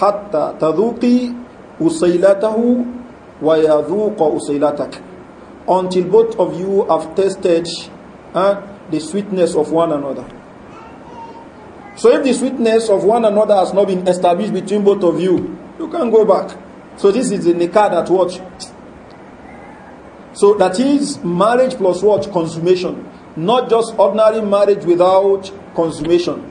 hatta tadhuqi usailatahu wa yadhuqa usailatak until both of you have tasted uh, the sweetness of one another. So if the sweetness of one another has not been established between both of you, you can go back. So this is the nikah that watch. So that is marriage plus what? Consummation. Not just ordinary marriage without consummation.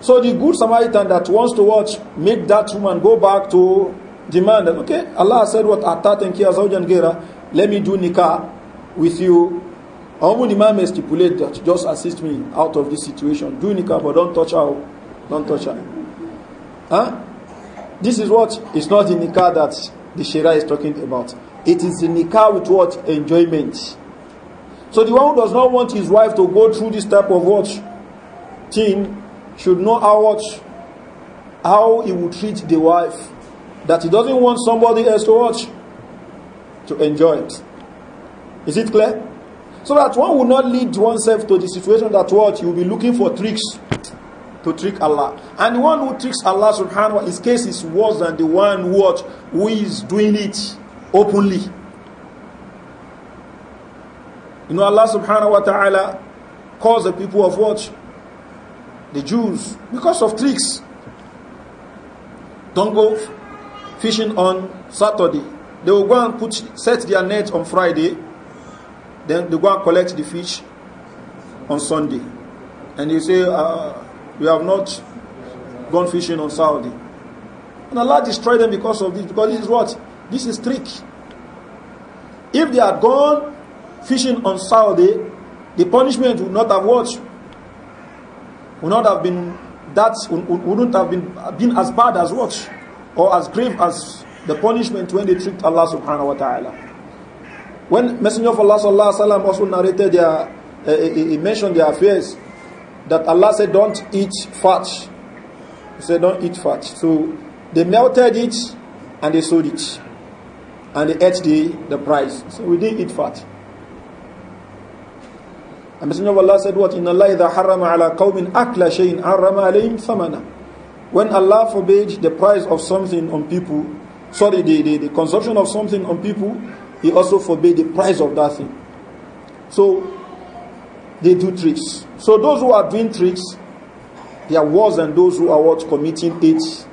So the good Samaritan that wants to watch, make that woman go back to demand, okay, Allah said what? Atatenkia zawjan gera, let me do nikah with you Or even the man may stipulate that just assist me out of this situation. Do nikah, but don't touch her. Don't touch her. Huh? This is what? It's not the nikah that the Sharia is talking about. It is the nikah with what? Enjoyment. So the one who does not want his wife to go through this type of what thing should know how what how he will treat the wife. That he doesn't want somebody else to watch to enjoy it. Is it clear? So that one will not lead oneself to the situation that what? you will be looking for tricks to trick Allah. And the one who tricks Allah subhanahu wa his case is worse than the one what, who is doing it openly. You know, Allah subhanahu wa ta'ala calls the people of what? The Jews, because of tricks. Don't go fishing on Saturday. They will go and put, set their net on Friday Then they go and collect the fish on Sunday. And they say, uh, We have not gone fishing on Saturday. And Allah destroyed them because of this, because this is what? This is trick. If they had gone fishing on Saturday, the punishment would not have what? Would not have been that wouldn't have been been as bad as what? Or as grave as the punishment when they tricked Allah subhanahu wa ta'ala. When Messenger of Allah sallallahu alaihi wasallam also narrated their, uh, he mentioned their affairs, that Allah said, "Don't eat fat." He said, "Don't eat fat." So they melted it and they sold it, and they ate the the price. So we didn't eat fat. And Messenger of Allah said, "What in Allah إذا حرم على قوم akla shayin حرم عليهم ثمنه." When Allah forbade the price of something on people, sorry, the, the, the consumption of something on people, he also forbade the price of that thing. So they do tricks. So those who are doing tricks, they are worse than those who are what committing it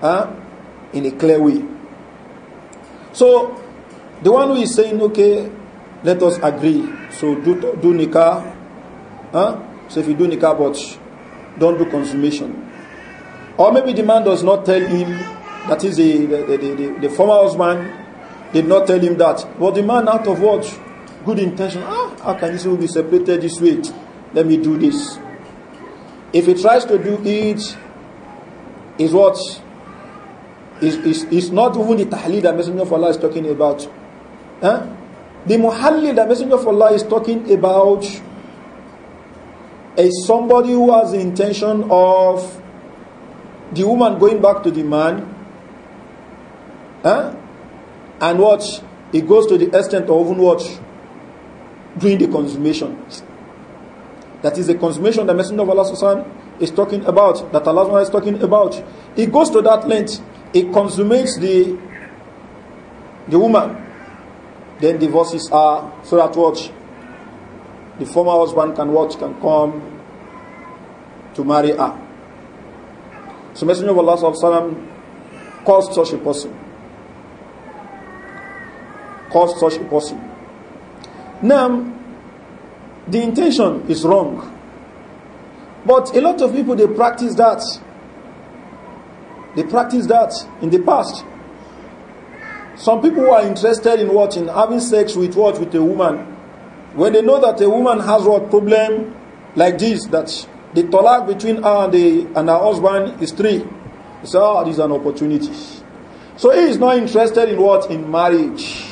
huh, in a clear way. So the one who is saying, okay, let us agree. So do do nikah. Huh? So if you do nikah, but don't do consummation. Or maybe the man does not tell him that is the, the, the, the, the former husband did not tell him that. But the man, out of what? Good intention. Ah, how can this will be separated this way? Let me do this. If he tries to do it, is what? Is, is, is not even the tahli that Messenger of Allah is talking about. Huh? The muhalli that Messenger of Allah is talking about is somebody who has the intention of the woman going back to the man. Huh? And what? It goes to the extent of even what? during the consummation. That is the consummation the Messenger of Allah is talking about, that Allah is talking about. It goes to that length. It consummates the the woman. Then divorces are so that what? The former husband can watch, can come to marry her. So Messenger of Allah calls such a person. cause such a person. Now, the intention is wrong. But a lot of people, they practice that. They practice that in the past. Some people who are interested in what? In having sex with what? With a woman. When they know that a woman has what problem like this, that the talak between her and, the, and her husband is three. So, oh, ah, this is an opportunity. So he is not interested in what? In marriage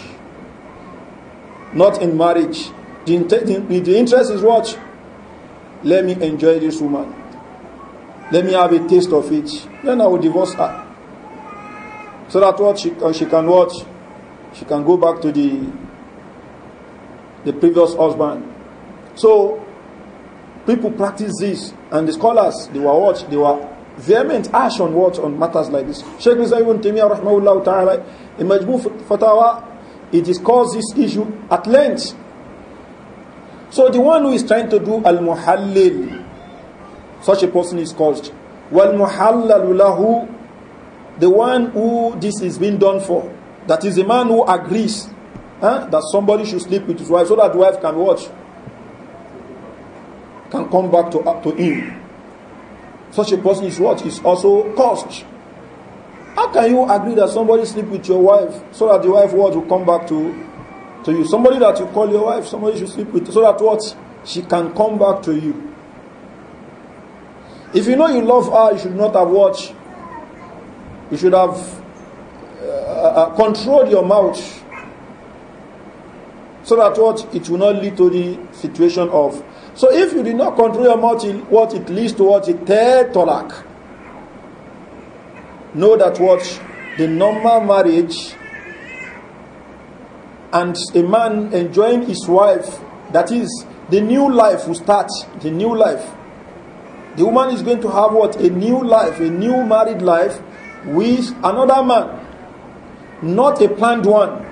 not in marriage. The, the, the interest is what? Let me enjoy this woman. Let me have a taste of it. Then I will divorce her. So that what she, uh, she can watch, she can go back to the the previous husband. So people practice this, and the scholars they were what they were vehement ash on what on matters like this. Sheikh Musa ibn Taymiyyah rahmahullah ta'ala in Majmu Fatawa He discussed this issue at length. So the one who is trying to do al-muhallil, such a person is called wal-muhallalulahu, the one who this is being done for. That is the man who agrees huh, that somebody should sleep with his wife so that the wife can watch, can come back to, to him. Such a person is what? Is also caused. How can you agree that somebody sleep with your wife so that the wife what will come back to, to you? Somebody that you call your wife, somebody should sleep with so that what she can come back to you. If you know you love her, you should not have watched. You should have uh, uh, controlled your mouth so that what it will not lead to the situation of. So if you did not control your mouth, what it leads to what a third talak know that what the normal marriage and a man enjoying his wife, that is, the new life will start, the new life. The woman is going to have what? A new life, a new married life with another man. Not a planned one.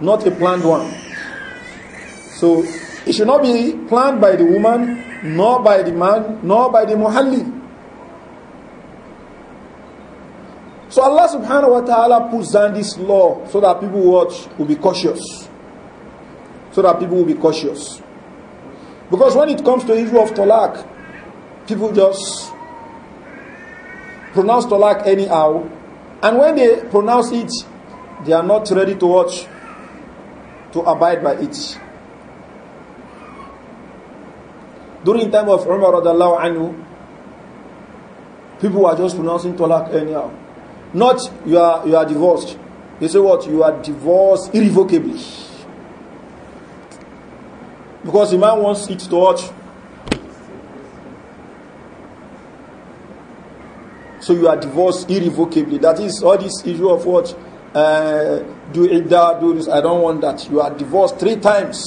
Not a planned one. So it should not be planned by the woman, nor by the man, nor by the muhalli. So Allah subhanahu wa ta'ala puts down this law so that people watch will be cautious. So that people will be cautious. Because when it comes to the issue of talak, people just pronounce talak anyhow. And when they pronounce it, they are not ready to watch, to abide by it. During the time of Umar, anhu, people were just pronouncing talak anyhow. Not you are, you are divorced. They say what? You are divorced irrevocably. Because the man wants it to watch. So you are divorced irrevocably. That is all this issue of what? Uh, do it that, do this. I don't want that. You are divorced three times.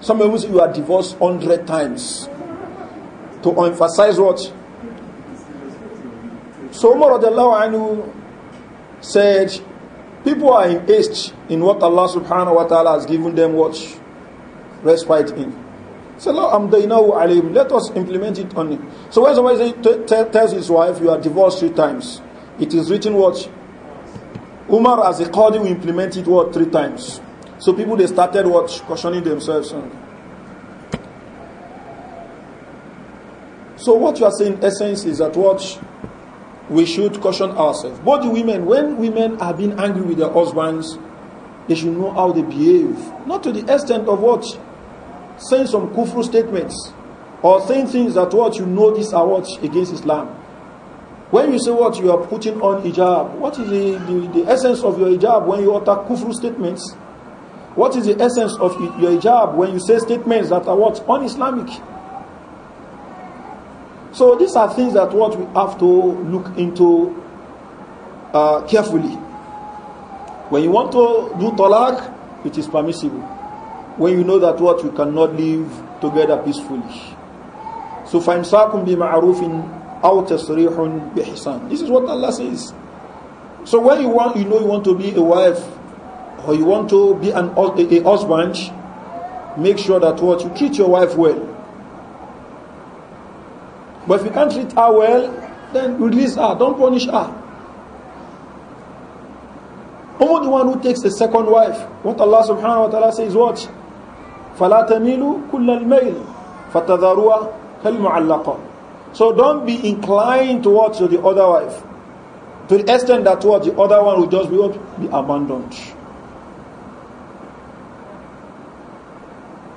Some people say you are divorced hundred times. To emphasize what? So Umar anhu said, people are in haste in what Allah subhanahu wa ta'ala has given them what respite in. So I'm alayhim. let us implement it on it. So when somebody tells his wife, you are divorced three times, it is written what? Umar as a qadi will implement it what? Three times. So people, they started what? questioning themselves. So what you are saying essence is that what we should caution ourselves. Both the women, when women are being angry with their husbands, they should know how they behave. Not to the extent of what? Saying some kufru statements or saying things that what you know these are what against Islam. When you say what you are putting on hijab, what is the, the, the essence of your hijab when you utter kufru statements? What is the essence of your hijab when you say statements that are what? Un-Islamic. So these are things that what we have to look into uh, carefully. When you want to do talak, it is permissible. When you know that what you cannot live together peacefully. So فَإِمْسَاكُمْ بِمَعْرُوفٍ أَوْ تَصْرِيحٌ بِحِسَانٍ This is what Allah says. So when you want, you know you want to be a wife or you want to be an a husband, make sure that what you treat your wife well but if you can't treat her well, then release her. Don't punish her. Only the one who takes a second wife. What Allah subhanahu wa ta'ala says what? فَلَا تَمِيلُوا كُلَّ الْمَيْلِ فَتَذَرُوَا So don't be inclined towards the other wife. To the extent that towards the other one will just be, be abandoned.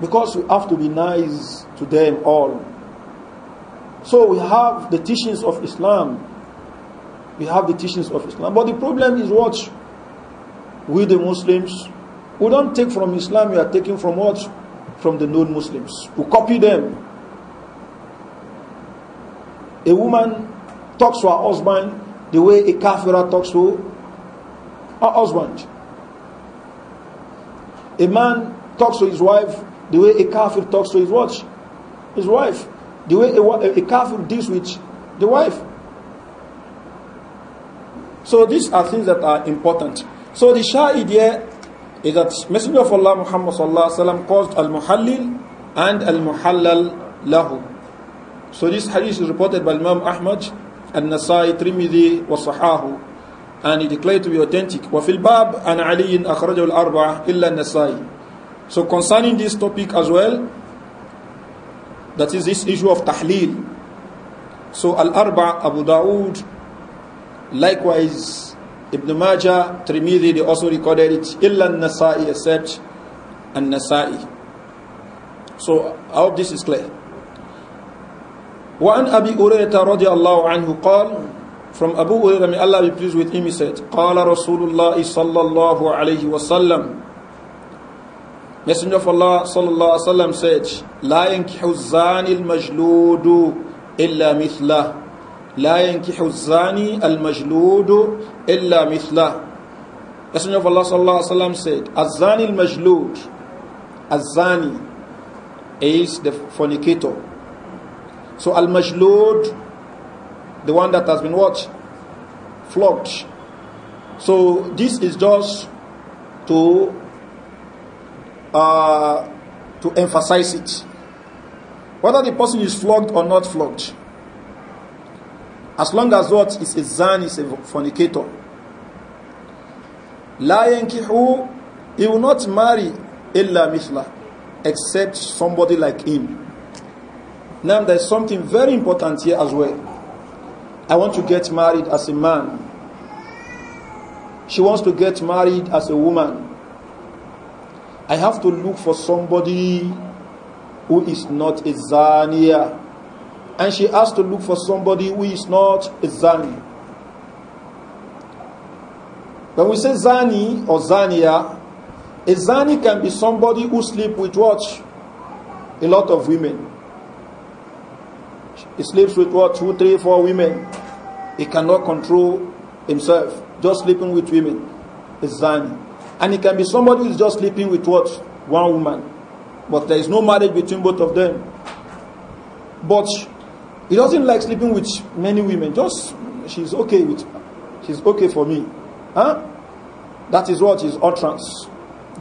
Because we have to be nice to them all. So we have the teachings of Islam. We have the teachings of Islam. But the problem is what? We, the Muslims, we don't take from Islam, we are taking from what? From the non Muslims. We copy them. A woman talks to her husband the way a kafira talks to her husband. A man talks to his wife the way a kafir talks to his watch, his wife. the way a, a, a kafir deals with the wife. So these are things that are important. So the shahid here is that Messenger of Allah Muhammad sallallahu alaihi caused al-muhallil and al-muhallal lahu. So this hadith is reported by Imam Ahmad and Nasai Trimidi wa Sahahu and he declared to be authentic. Wa fil bab an Ali in al-Arba ila Nasai. So concerning this topic as well, that is this issue of tahleel. So Al-Arba, Abu Dawood, likewise Ibn Majah, Trimidi, they also recorded it. Illa nasai except and nasai So I hope this is clear. وعن أبي هريرة رضي الله عنه قال From Abu Hurairah, may Allah be pleased with him, he said, قال رسول الله صلى الله عليه وسلم Messenger of Allah sallallahu alaihi wasallam said, "لا yankihu الزاني المجلود إلا مثله. لا La الزاني المجلود إلا مثله." Messenger of Allah sallallahu alaihi wasallam said, "الزاني المجلود. al zani is the fornicator. So al-majlud, the one that has been what? Flogged. So this is just to Uh, to emphasize it. Whether the person is flogged or not flogged, as long as what is a zan is a fornicator. La he will not marry illa mithla, except somebody like him. Now there's something very important here as well. I want to get married as a man. She wants to get married as a woman. I have to look for somebody who is not a Zania. And she has to look for somebody who is not a Zani. When we say Zani or Zania, a Zani can be somebody who sleeps with what? A lot of women. He sleeps with what? Two, three, four women. He cannot control himself. Just sleeping with women. A Zani. And it can be somebody who is just sleeping with what? One woman. But there is no marriage between both of them. But he doesn't like sleeping with many women. Just she's okay with she's okay for me. Huh? That is what is utterance.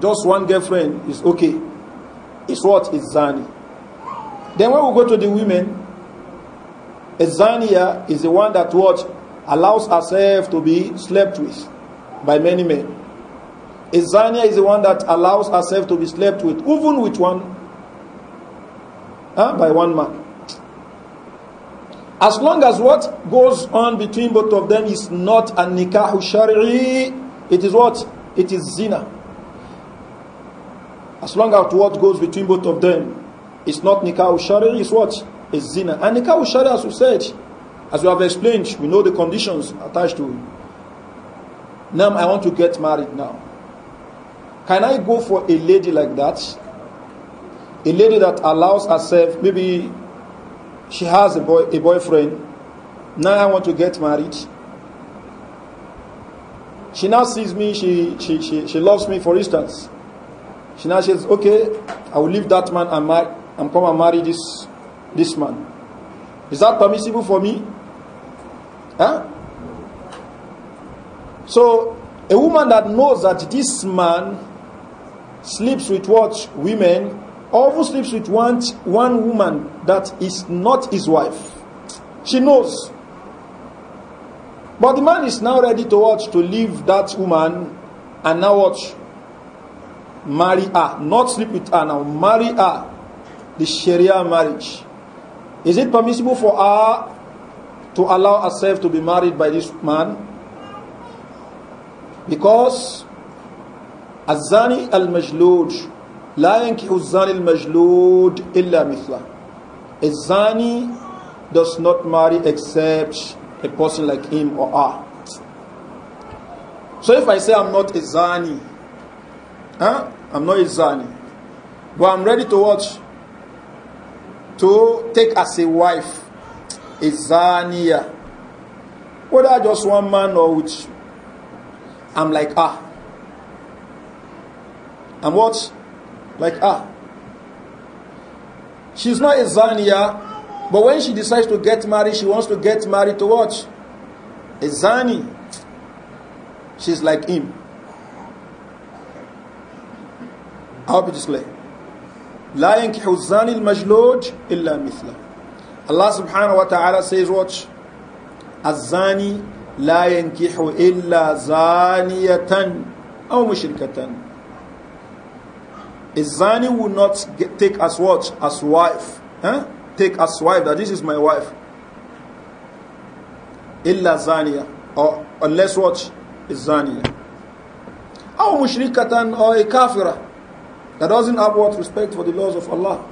Just one girlfriend is okay. It's what is Zani. Then when we go to the women, a Zania is the one that what allows herself to be slept with by many men. A zania is the one that allows herself to be slept with, even with one, huh, by one man. As long as what goes on between both of them is not a nikahu shari'i, it is what? It is zina. As long as what goes between both of them is not nikahu shari'i, it's what? It's zina. And nikahu shari'i, as we said, as we have explained, we know the conditions attached to it. Now I want to get married now. Can I go for a lady like that? A lady that allows herself, maybe she has a, boy, a boyfriend. Now I want to get married. She now sees me, she, she, she, she loves me, for instance. She now says, okay, I will leave that man and, mar- and come and marry this, this man. Is that permissible for me? Huh? So, a woman that knows that this man sleeps with what? Women, Often sleeps with one, one woman that is not his wife. She knows. But the man is now ready to watch to leave that woman and now watch marry her, not sleep with her now, marry her. The Sharia marriage. Is it permissible for her to allow herself to be married by this man? Because الزاني المجلود لا ينكح الزاني المجلود إلا مثله A does not marry except a person like him or her. So if I say I'm not a zani, huh? I'm not a zani, but I'm ready to watch to take as a wife a zania, whether just one man or which I'm like ah and what? Like ah. She's not a Zania, but when she decides to get married, she wants to get married to what? A Zani. She's like him. I hope it is clear. لا ينكح الزاني المجلوج إلا مثله Allah subhanahu wa ta'ala says watch الزاني لا ينكح إلا زانية أو مشركة a zani will not get, take as what? As wife. Huh? Take as wife that this is my wife. Illa zania. Or unless what? A zania. Or mushrikatan or a kafira. That doesn't have what? Respect for the laws of Allah.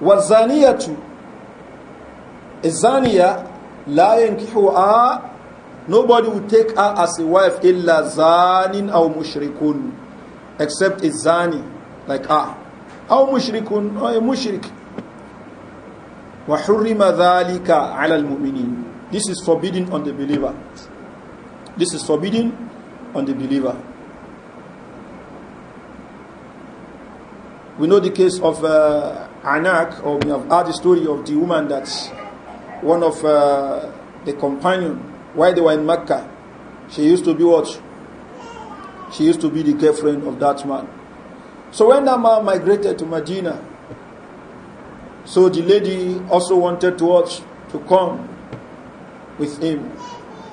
والزانية الزانية لا ينكحها Nobody will take her as a wife illa zanin aw mushrikun except a zani like her. Aw mushrikun or a mushrik. وحرم ذلك على المؤمنين This is forbidden on the believer. This is forbidden on the believer. We know the case of uh, Anak, or we have heard the story of the woman that one of uh, the companion while they were in Mecca, she used to be what? She used to be the girlfriend of that man. So when that man migrated to Medina, so the lady also wanted to watch to come with him,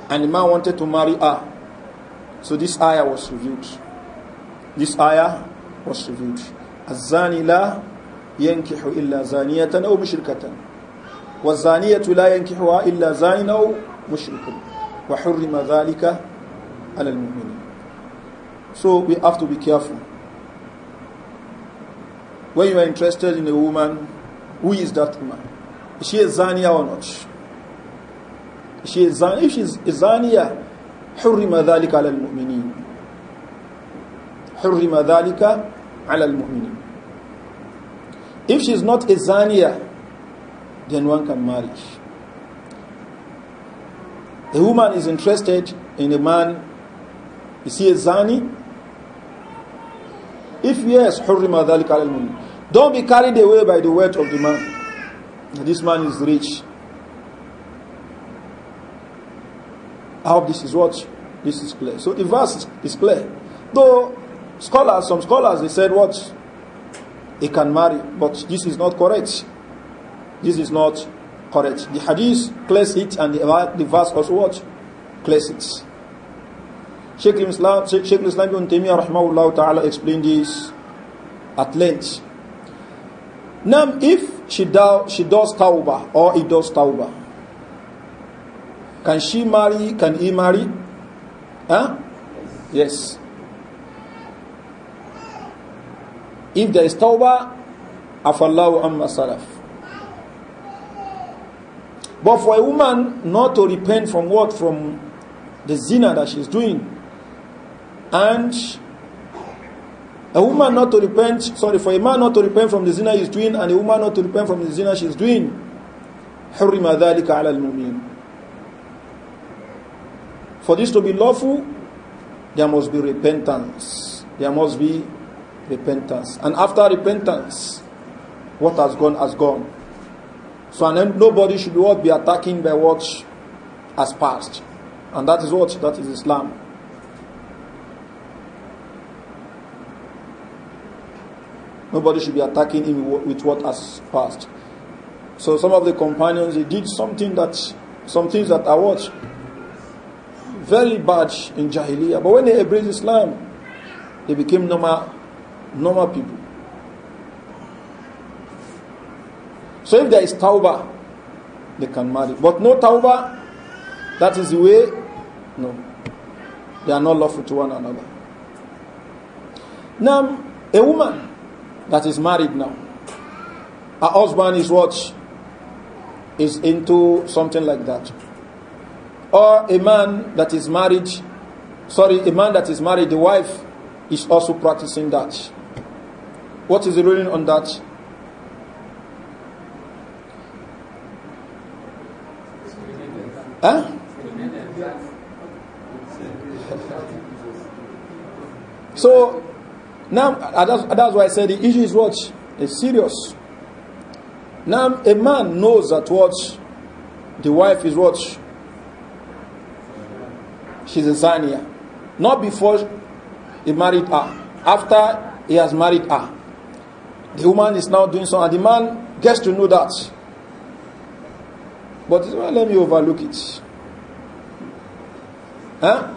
and the man wanted to marry her. So this ayah was revealed. This ayah was revealed. الزاني لا ينكح إلا زانية أو مشركة والزانية لا ينكحها illa زان أو وَحُرِّمَ ذَلِكَ عَلَى الْمُؤْمِنِينَ So we have to be careful. When you are interested in a woman, who is that woman? Is she a zania or not? Is she a zania? If she is a zania, حُرِّمَ ذَلِكَ عَلَى الْمُؤْمِنِينَ حُرِّمَ ذَلِكَ عَلَى الْمُؤْمِنِينَ If she is not a zania, then one can marry. The woman is interested in a man. Is he a zani? If yes, hurrima dhalika al Don't be carried away by the wealth of the man. This man is rich. I hope this is what this is clear. So the verse is clear. Though scholars, some scholars, they said what he can marry, but this is not correct. This is not Correct. The hadith clears it and the, verse also what? Clears it. Sheikh Islam, Sheikh Islam Ibn Taymiyyah rahmahullah ta'ala explained this at length. Now, if she, do, she does tawbah or he does tawbah, can she marry? Can he marry? Huh? Yes. If there is tawbah, afallahu amma salaf. But for a woman not to repent from what? From the zina that she's doing. And a woman not to repent, sorry, for a man not to repent from the zina he's doing, and a woman not to repent from the zina she's doing. حرم ذلك على المؤمن. For this to be lawful, there must be repentance. There must be repentance. And after repentance, what has gone has gone. So and nobody should what be attacking by what has passed. And that is what? That is Islam. Nobody should be attacking him with what has passed. So some of the companions they did something that some things that are what very bad in Jahiliyyah. But when they embraced Islam, they became normal normal people. So if there is tauba, they can marry. But no tauba, that is the way, no. They are not lawful to one another. Now, a woman that is married now, her husband is what? Is into something like that. Or a man that is married, sorry, a man that is married, the wife is also practicing that. What is the ruling on that? Hã? So, now, uh, uh, that's, why I said the issue is what? It's serious. Now, a man knows that what? The wife is what? She's a Zania. Not before he married her. After he has married her. The woman is now doing so, and the man gets to know that. But well, let me overlook it. Huh?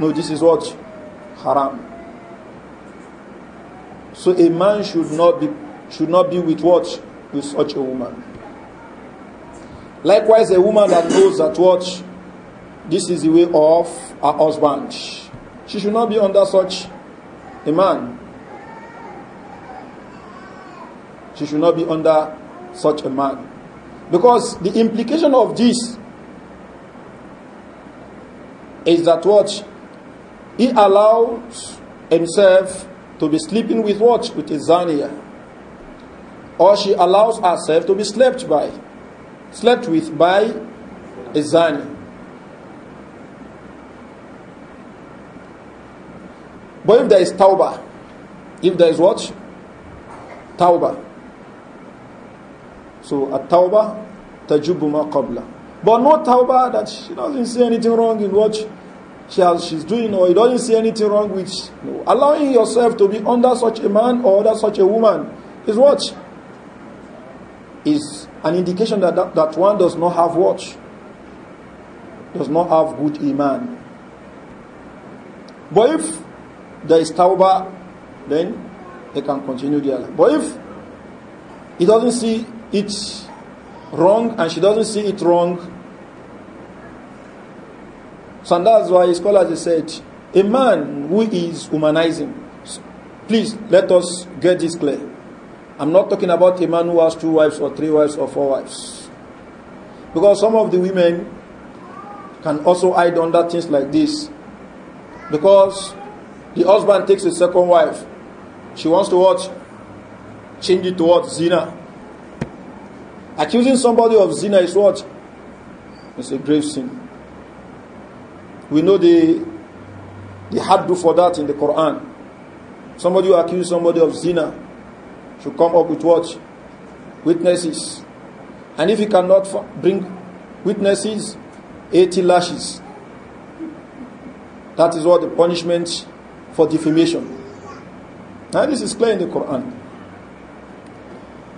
No, this is what? Haram. So a man should not be should not be with what? With such a woman. Likewise, a woman that knows that what this is the way of her husband. She should not be under such a man. She should not be under such a man. Because the implication of this is that what? He allowed himself to be sleeping with what? With a Zania. Or she allows herself to be slept by, slept with by a Zania. But if there is tauba, if there is what? tauba. So at tawbah tajubu ma qabla. But no tawbah that she doesn't see anything wrong in what she has, she's doing or you doesn't see anything wrong with allowing yourself to be under such a man or under such a woman is what is an indication that, that that one does not have what does not have good iman but if there is tawbah then they can continue their life but if he doesn't see it wrong and she doesn't see it wrong. So that's why scholars colleague said a man who is humanizing, please let us get this clear. I'm not talking about a man who has two wives or three wives or four wives. Because some of the women can also hide under things like this. Because the husband takes a second wife. She wants to watch, change it towards zina. Accusing somebody of zina is what? It's a grave sin. We know the the haddu for that in the Quran. Somebody who accuses somebody of zina should come up with what? Witnesses. And if he cannot bring witnesses, 80 lashes. That is what the punishment for defamation. Now this is clear in the Quran.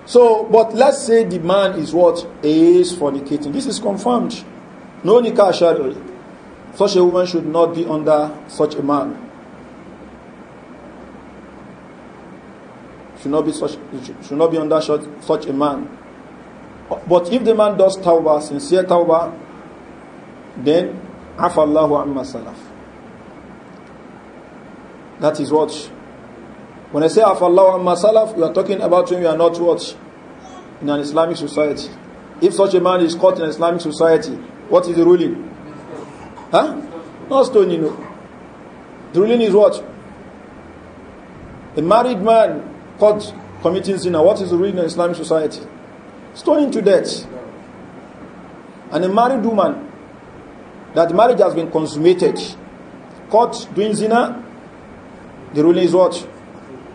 So, but let's say the man is what? Is fornicating. This is confirmed. No nikah shari. Such a woman should not be under such a man. Should not be such should not be under such, such a man. But if the man does tawbah, sincere tawbah, then afallahu amma salaf. That is what When I say Afallah and Masalaf, we are talking about when we are not what? In an Islamic society. If such a man is caught in an Islamic society, what is the ruling? Huh? Not stoning, no. The ruling is what? A married man caught committing sin. What is the ruling in an Islamic society? Stoning to death. And a married woman that marriage has been consummated, caught doing zina, the ruling is what?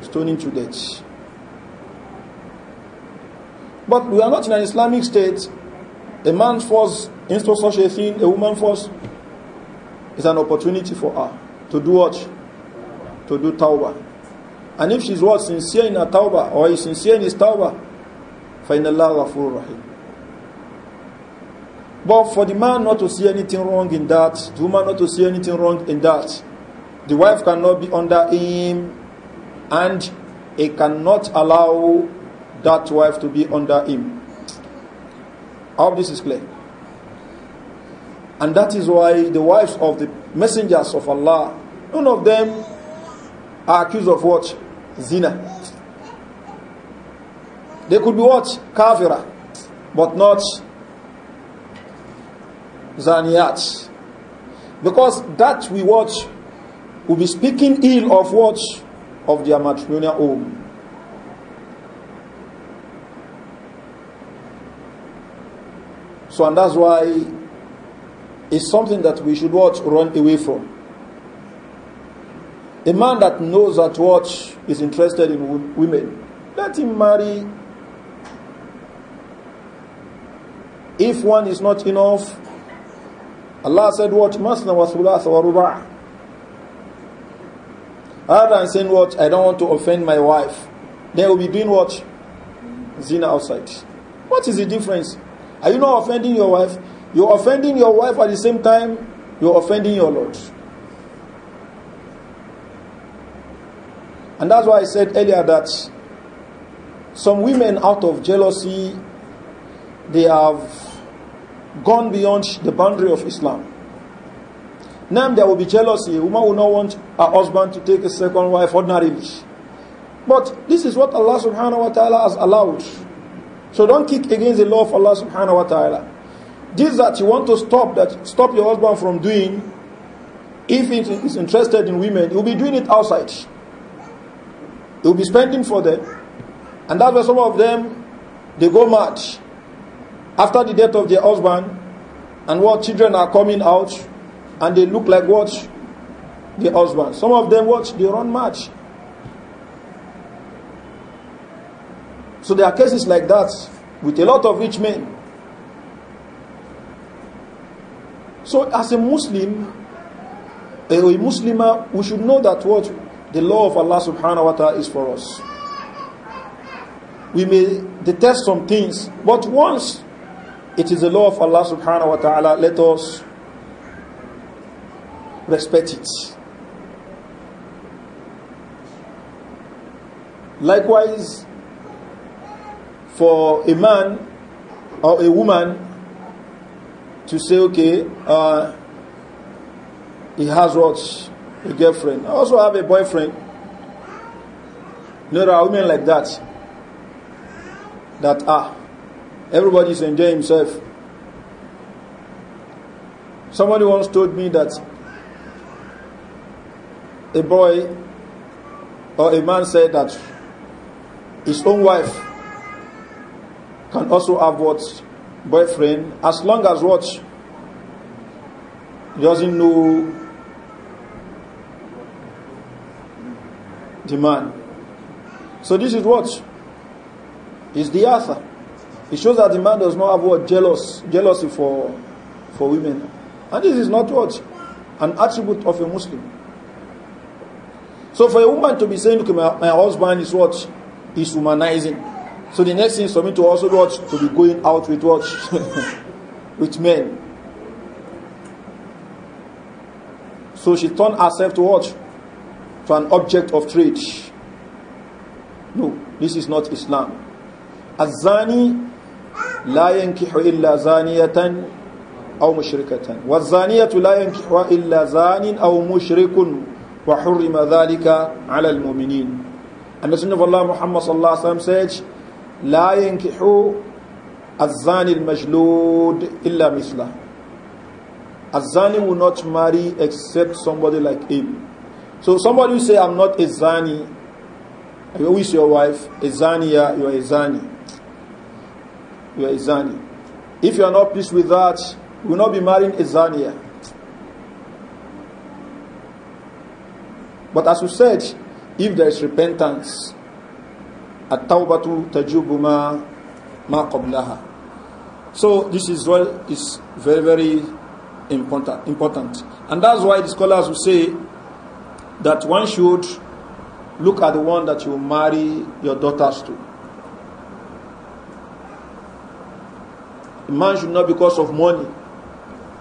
stoning to death. But we are not in an Islamic state. A man force into such a thing, a woman force is an opportunity for her to do what? To do tawbah. And if she's what? Sincere in her tawbah or is sincere in his tawbah, فَإِنَّ اللَّهَ غَفُورٌ رَحِيمٌ But for the man not to see anything wrong in that, the woman not to see anything wrong in that, the wife cannot be under him and he cannot allow that wife to be under him. I hope this is clear. And that is why the wives of the messengers of Allah, none of them are accused of what? Zina. They could be what? Kafira, but not Zaniyat. Because that we watch will be speaking ill of what? of their matrimonial home. So, and that's why it's something that we should watch run away from. A man that knows that what is interested in women, let him marry. If one is not enough, Allah said, "What masna wa wa ruba'." Rather than saying what? I don't want to offend my wife. they will be doing what? Zina outside. What is the difference? Are you not offending your wife? You're offending your wife at the same time, you're offending your Lord. And that's why I said earlier that some women, out of jealousy, they have gone beyond the boundary of Islam. Now there will be jealousy. Eh? A woman will not want her husband to take a second wife ordinarily. But this is what Allah subhanahu wa ta'ala has allowed. So don't kick against the law of Allah subhanahu wa ta'ala. This that you want to stop that stop your husband from doing, if he is interested in women, he'll be doing it outside. He'll be spending for them. And that's why some of them they go mad. After the death of their husband, and what children are coming out, and they look like what? The husband. Some of them watch, they run match. So there are cases like that with a lot of rich men. So as a Muslim, a Muslima, we should know that what the law of Allah subhanahu wa ta'ala is for us. We may detest some things, but once it is the law of Allah subhanahu wa ta'ala, let us respect it. Likewise, for a man or a woman to say, okay, uh, he has what? A girlfriend. I also have a boyfriend. there are women like that. That ah, everybody's enjoying himself. Somebody once told me that a boy or a man said that his own wife can also have what boyfriend as long as what doesn't know the man. So this is what is the answer. It shows that the man does not have what jealous jealousy for for women, and this is not what an attribute of a Muslim. So for a woman to be saying, okay, my, my husband is what? Is humanizing. So the next thing is for me to also what? To be going out with what? with men. So she turned herself to what? To an object of trade. No, this is not Islam. Azani لا ينكح إلا زانية أو مشركة والزانية لا ينكحها إلا زان أو مشرك وحرم ذلك على المؤمنين أن سنة الله محمد صلى الله عليه وسلم سيج لا ينكحوا الزاني المجلود إلا مثله. الزاني will not marry except somebody like him. So somebody will say, I'm not a zani. Who is your wife? A zaniya, you are a zani. You are a zani. If you are not pleased with that, you will not be marrying a zaniya. But as we said, if there is repentance, at-tawbatu tajubu ma, ma qablaha. So this is very, very important, important. And that's why the scholars will say that one should look at the one that you marry your daughters to. A man should not, because of money,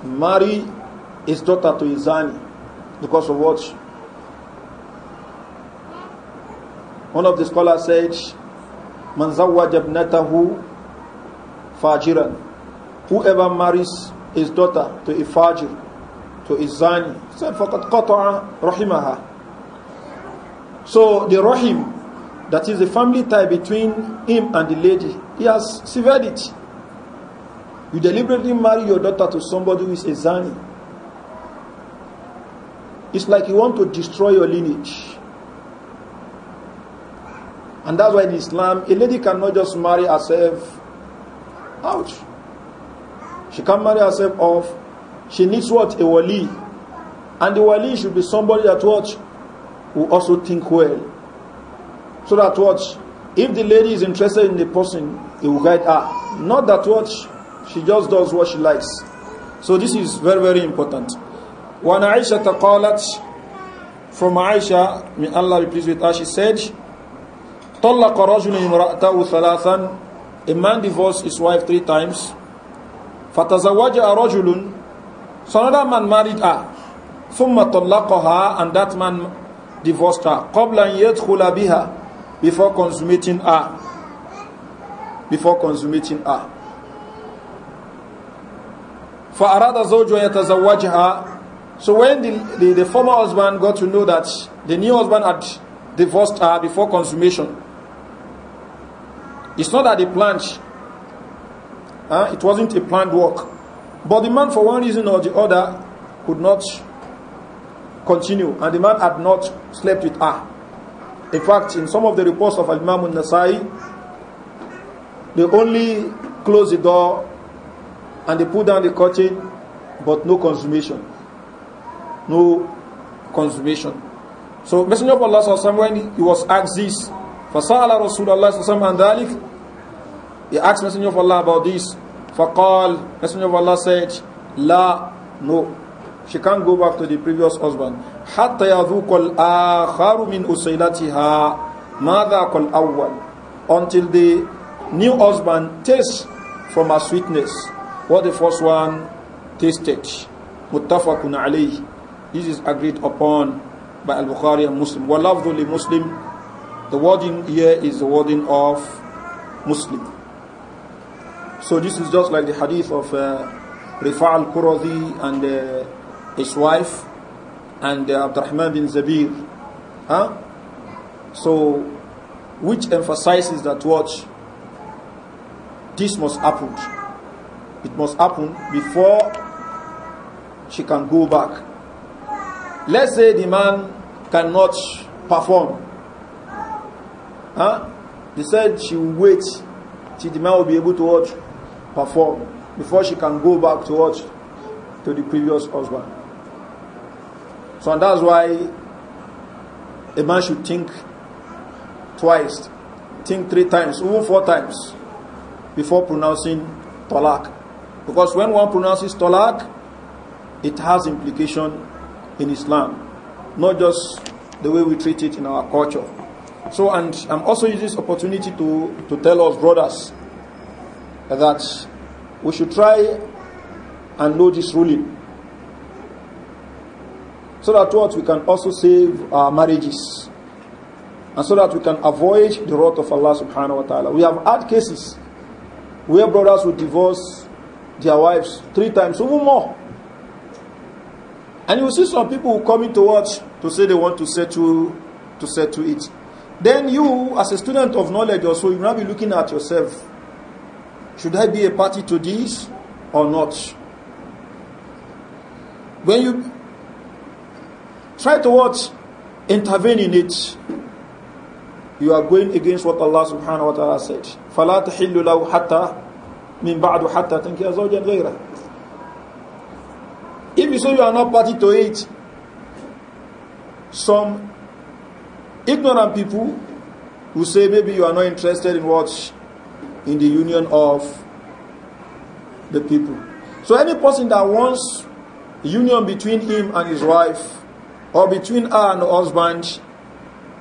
marry his daughter to his zani because of what? One of the scholars said, Man zawwaja ibnatahu fajiran. Whoever marries his daughter to a fajir, to a zani, said, فَقَدْ قَطَعَ So the rahim, that is the family tie between him and the lady, he has severed it. You deliberately marry your daughter to somebody who is a zani. It's like you want to destroy your lineage. And that's why in Islam, a lady cannot just marry herself out. She can't marry herself off. She needs what? A wali. And the wali should be somebody that what? Who also think well. So that what? If the lady is interested in the person, he will guide her. Not that what? She just does what she likes. So this is very, very important. When Aisha قالت from Aisha, may Allah be pleased with her, she said, طلق رجل امرأته ثلاثا A man divorced his wife three times. فتزوج رجل So another man married her. ثم طلقها and that man divorced her. قبل أن يدخل بها before consummating her. Before consummating her. فأراد زوجها يتزوجها So when the, the, the former husband got to know that the new husband had divorced her before consummation, It's not that they planned. Huh? It wasn't a planned work. But the man, for one reason or the other, could not continue. And the man had not slept with her. In fact, in some of the reports of Imam al-Nasai, they only closed the door and they put down the curtain, but no consummation. No consummation. So Messenger of Allah, when he was asked this, فسأل رسول الله صلى الله عليه وسلم عن ذلك he asked messenger of Allah about this فقال messenger of Allah said لا no she can't go back to the previous husband حتى يذوق الآخر من أسيلتها ماذا كالأول until the new husband tastes from her sweetness what the first one tasted متفق عليه this is agreed upon by al-Bukhari and Muslim وَلَفْذُ لِمُسْلِمٍ The wording here is the wording of Muslim. So this is just like the hadith of uh, Rifa' al-Qurazi and uh, his wife and uh, Abdurrahman bin Zabir. Huh? So, which emphasizes that watch, this must happen. It must happen before she can go back. Let's say the man cannot perform Huh? They said she will wait till the man will be able to watch, perform, before she can go back to watch to the previous husband. So and that's why a man should think twice, think three times, even four times before pronouncing talak. Because when one pronounces talak, it has implication in Islam, not just the way we treat it in our culture. So, and I'm also using this opportunity to, to tell us, brothers, that we should try and know this ruling. So that what we can also save our marriages. And so that we can avoid the wrath of Allah subhanahu wa ta'ala. We have had cases where brothers would divorce their wives three times, even more. And you see some people who come watch to say they want to settle to settle it. Then you, as a student of knowledge also, you will be looking at yourself. Should I be a party to this or not? When you try to what? Intervene in it. You are going against what Allah subhanahu wa ta'ala said. فَلَا تَحِلُّ لَوْ حَتَّى مِنْ بَعْدُ حَتَّى تَنْكِيَ زَوْجًا غَيْرَهُ if you say you are not party to it, some Ignorant people who say maybe you are not interested in what? In the union of the people. So any person that wants union between him and his wife or between her and her husband,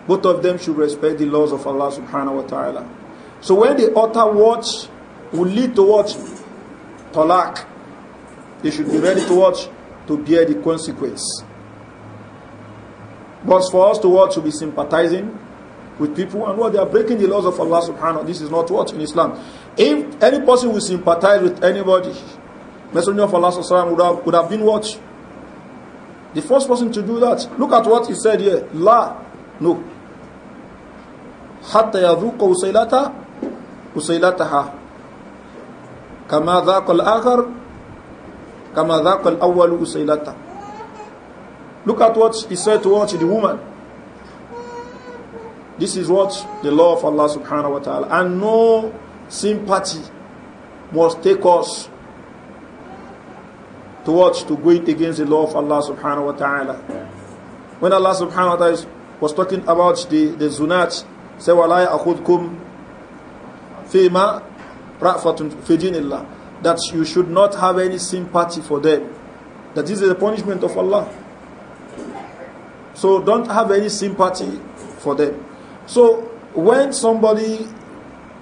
both of them should respect the laws of Allah subhanahu wa ta'ala. So when the utter words will lead to what? Talak. They should be ready to watch to bear the consequence. But for us to what? To be sympathizing with people and what they are breaking the laws of Allah subhanahu This is not what in Islam. If any person will sympathize with anybody, Messenger of Allah subhanahu would have, would have been what? The first person to do that. Look at what he said here. La. No. حتى يذوق Kama وسيلتها al ذاق kama كما al الأول وسيلته Look at what he said towards the woman. This is what the law of Allah subhanahu wa ta'ala. And no sympathy must take us towards to going against the law of Allah subhanahu wa ta'ala. When Allah subhanahu wa ta'ala was talking about the, the zunat, say wala ya'khudkum fima rafatun fi that you should not have any sympathy for them. That this is the punishment of Allah. So don't have any sympathy for them. So when somebody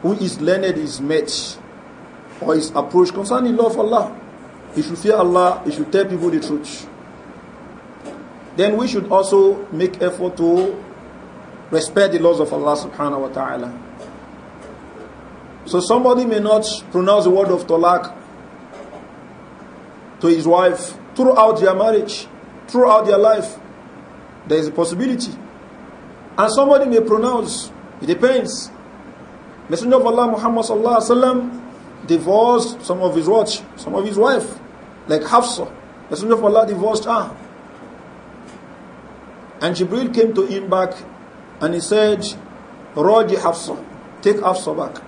who is learned is met or is approached concerning love of Allah, he should fear Allah, he should tell people the truth. Then we should also make effort to respect the laws of Allah subhanahu wa ta'ala. So somebody may not pronounce the word of talaq to his wife throughout their marriage, throughout their life there is a possibility. And somebody may pronounce, it depends. Messenger of Allah Muhammad sallallahu alaihi wasallam divorced some of his watch, some of his wife, like Hafsa. Messenger of Allah divorced her. And Jibril came to him back and he said, Raji Hafsa, take Hafsa back.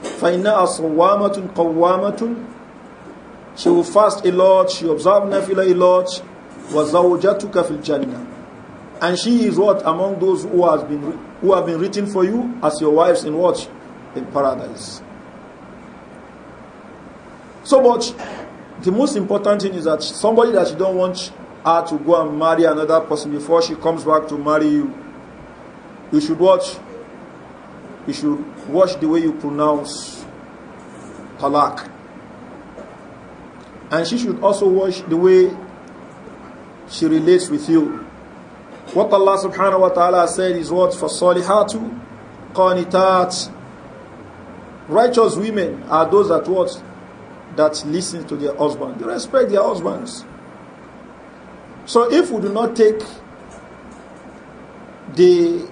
فَإِنَّا أَصْوَامَةٌ قَوَّامَةٌ She will fast a lot, she observe nafila a lot. وَزَوْجَتُكَ فِي الْجَنَّةِ and she is what? Among those who, has been, who have been written for you as your wives in what? In paradise. So much. The most important thing is that somebody that you don't want her to go and marry another person before she comes back to marry you. You should watch. You should watch the way you pronounce talak. And she should also watch the way she relates with you. What Allah subhanahu wa ta'ala said is what? For salihatu qanitat. Righteous women are those that what? That listen to their husband. They respect their husbands. So if we do not take the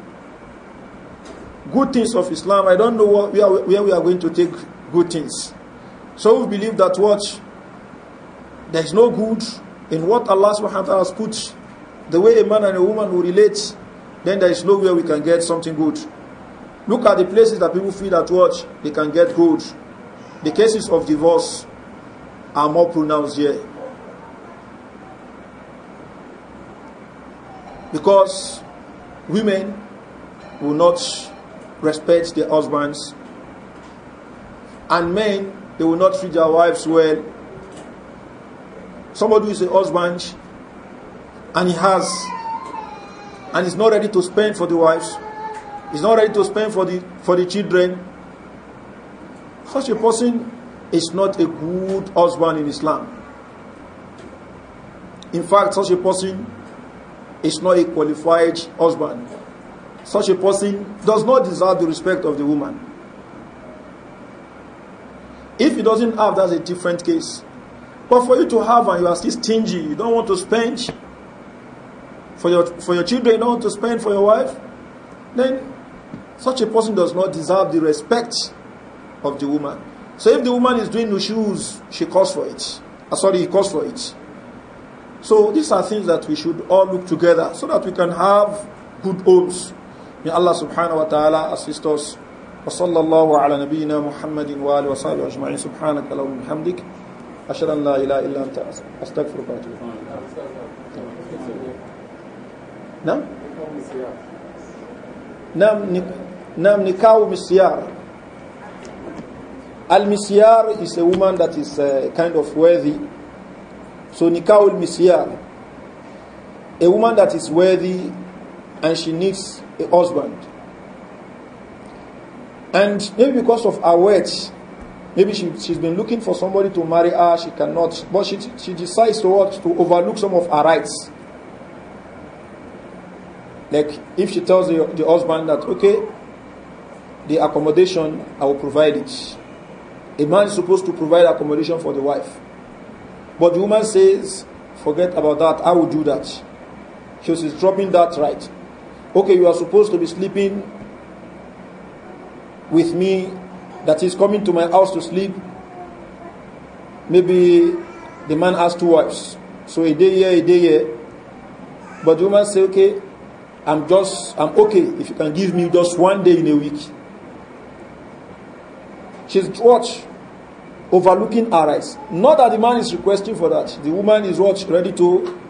good things of Islam, I don't know what, where, where we are going to take good things. So we believe that what? There is no good in what Allah subhanahu wa ta'ala has put the way a man and a woman will relate, then there is nowhere we can get something good. Look at the places that people feel that watch, they can get good. The cases of divorce are more pronounced here. Because women will not respect their husbands, and men, they will not treat their wives well. Somebody who is a husband and he has and he's not ready to spend for the wives he's not ready to spend for the for the children such a person is not a good husband in islam in fact such a person is not a qualified husband such a person does not deserve the respect of the woman if he doesn't have that's a different case but for you to have and you are still stingy you don't want to spend for your, for your children, not to spend for your wife, then such a person does not deserve the respect of the woman. So if the woman is doing the shoes, she calls for it. Uh, sorry, he calls for it. So these are things that we should all look together so that we can have good homes. May Allah subhanahu wa ta'ala assist us. وصلى الله على نبينا محمد وآله وصحبه أجمعين سبحانك اللهم وبحمدك أشهد أن لا إله إلا أنت أستغفرك وأتوب إليك نعم نعم نعم نكاو مسيار Al-Misyar is a woman that is uh, kind of worthy. So Nikah al-Misyar, a woman that is worthy and she needs a husband. And maybe because of her weight, maybe she, she's been looking for somebody to marry her, she cannot, but she, she decides to, to overlook some of her rights. Like if she tells the, the husband that, okay, the accommodation, I will provide it. A man is supposed to provide accommodation for the wife. But the woman says, forget about that, I will do that. She is dropping that right. Okay, you are supposed to be sleeping with me, that is coming to my house to sleep. Maybe the man has two wives. So a day here, a day here. But the woman say, okay, I'm just, I'm okay if you can give me just one day in a week. She's what? Overlooking her rights. Not that the man is requesting for that. The woman is what? Ready to,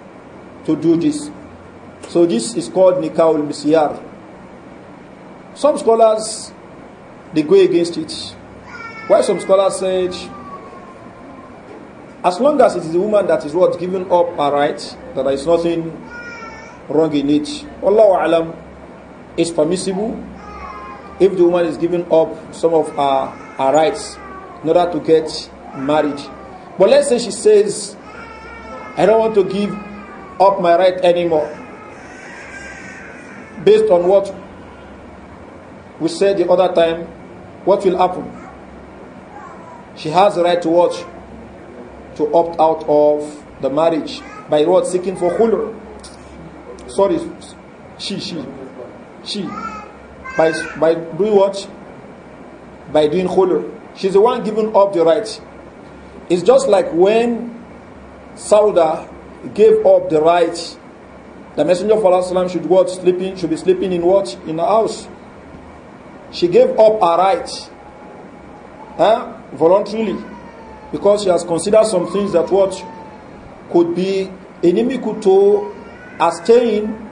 to do this. So this is called Nikahul Misyar. Some scholars, they go against it. Why some scholars say, as long as it is the woman that is what? Giving up her rights, that there is nothing wrong in it. Allah alam is permissible if the woman is giving up some of her, her rights in order to get married. But let's say she says, I don't want to give up my right anymore. Based on what we said the other time, what will happen? She has the right to watch, to opt out of the marriage by what? Seeking for khulur. sorry, she, she, she, by, by doing what? By doing khulur. She's the one giving up the right. It's just like when Sauda gave up the right. The Messenger of Allah should what sleeping should be sleeping in what in the house. She gave up her right, huh? voluntarily, because she has considered some things that what could be inimical to are staying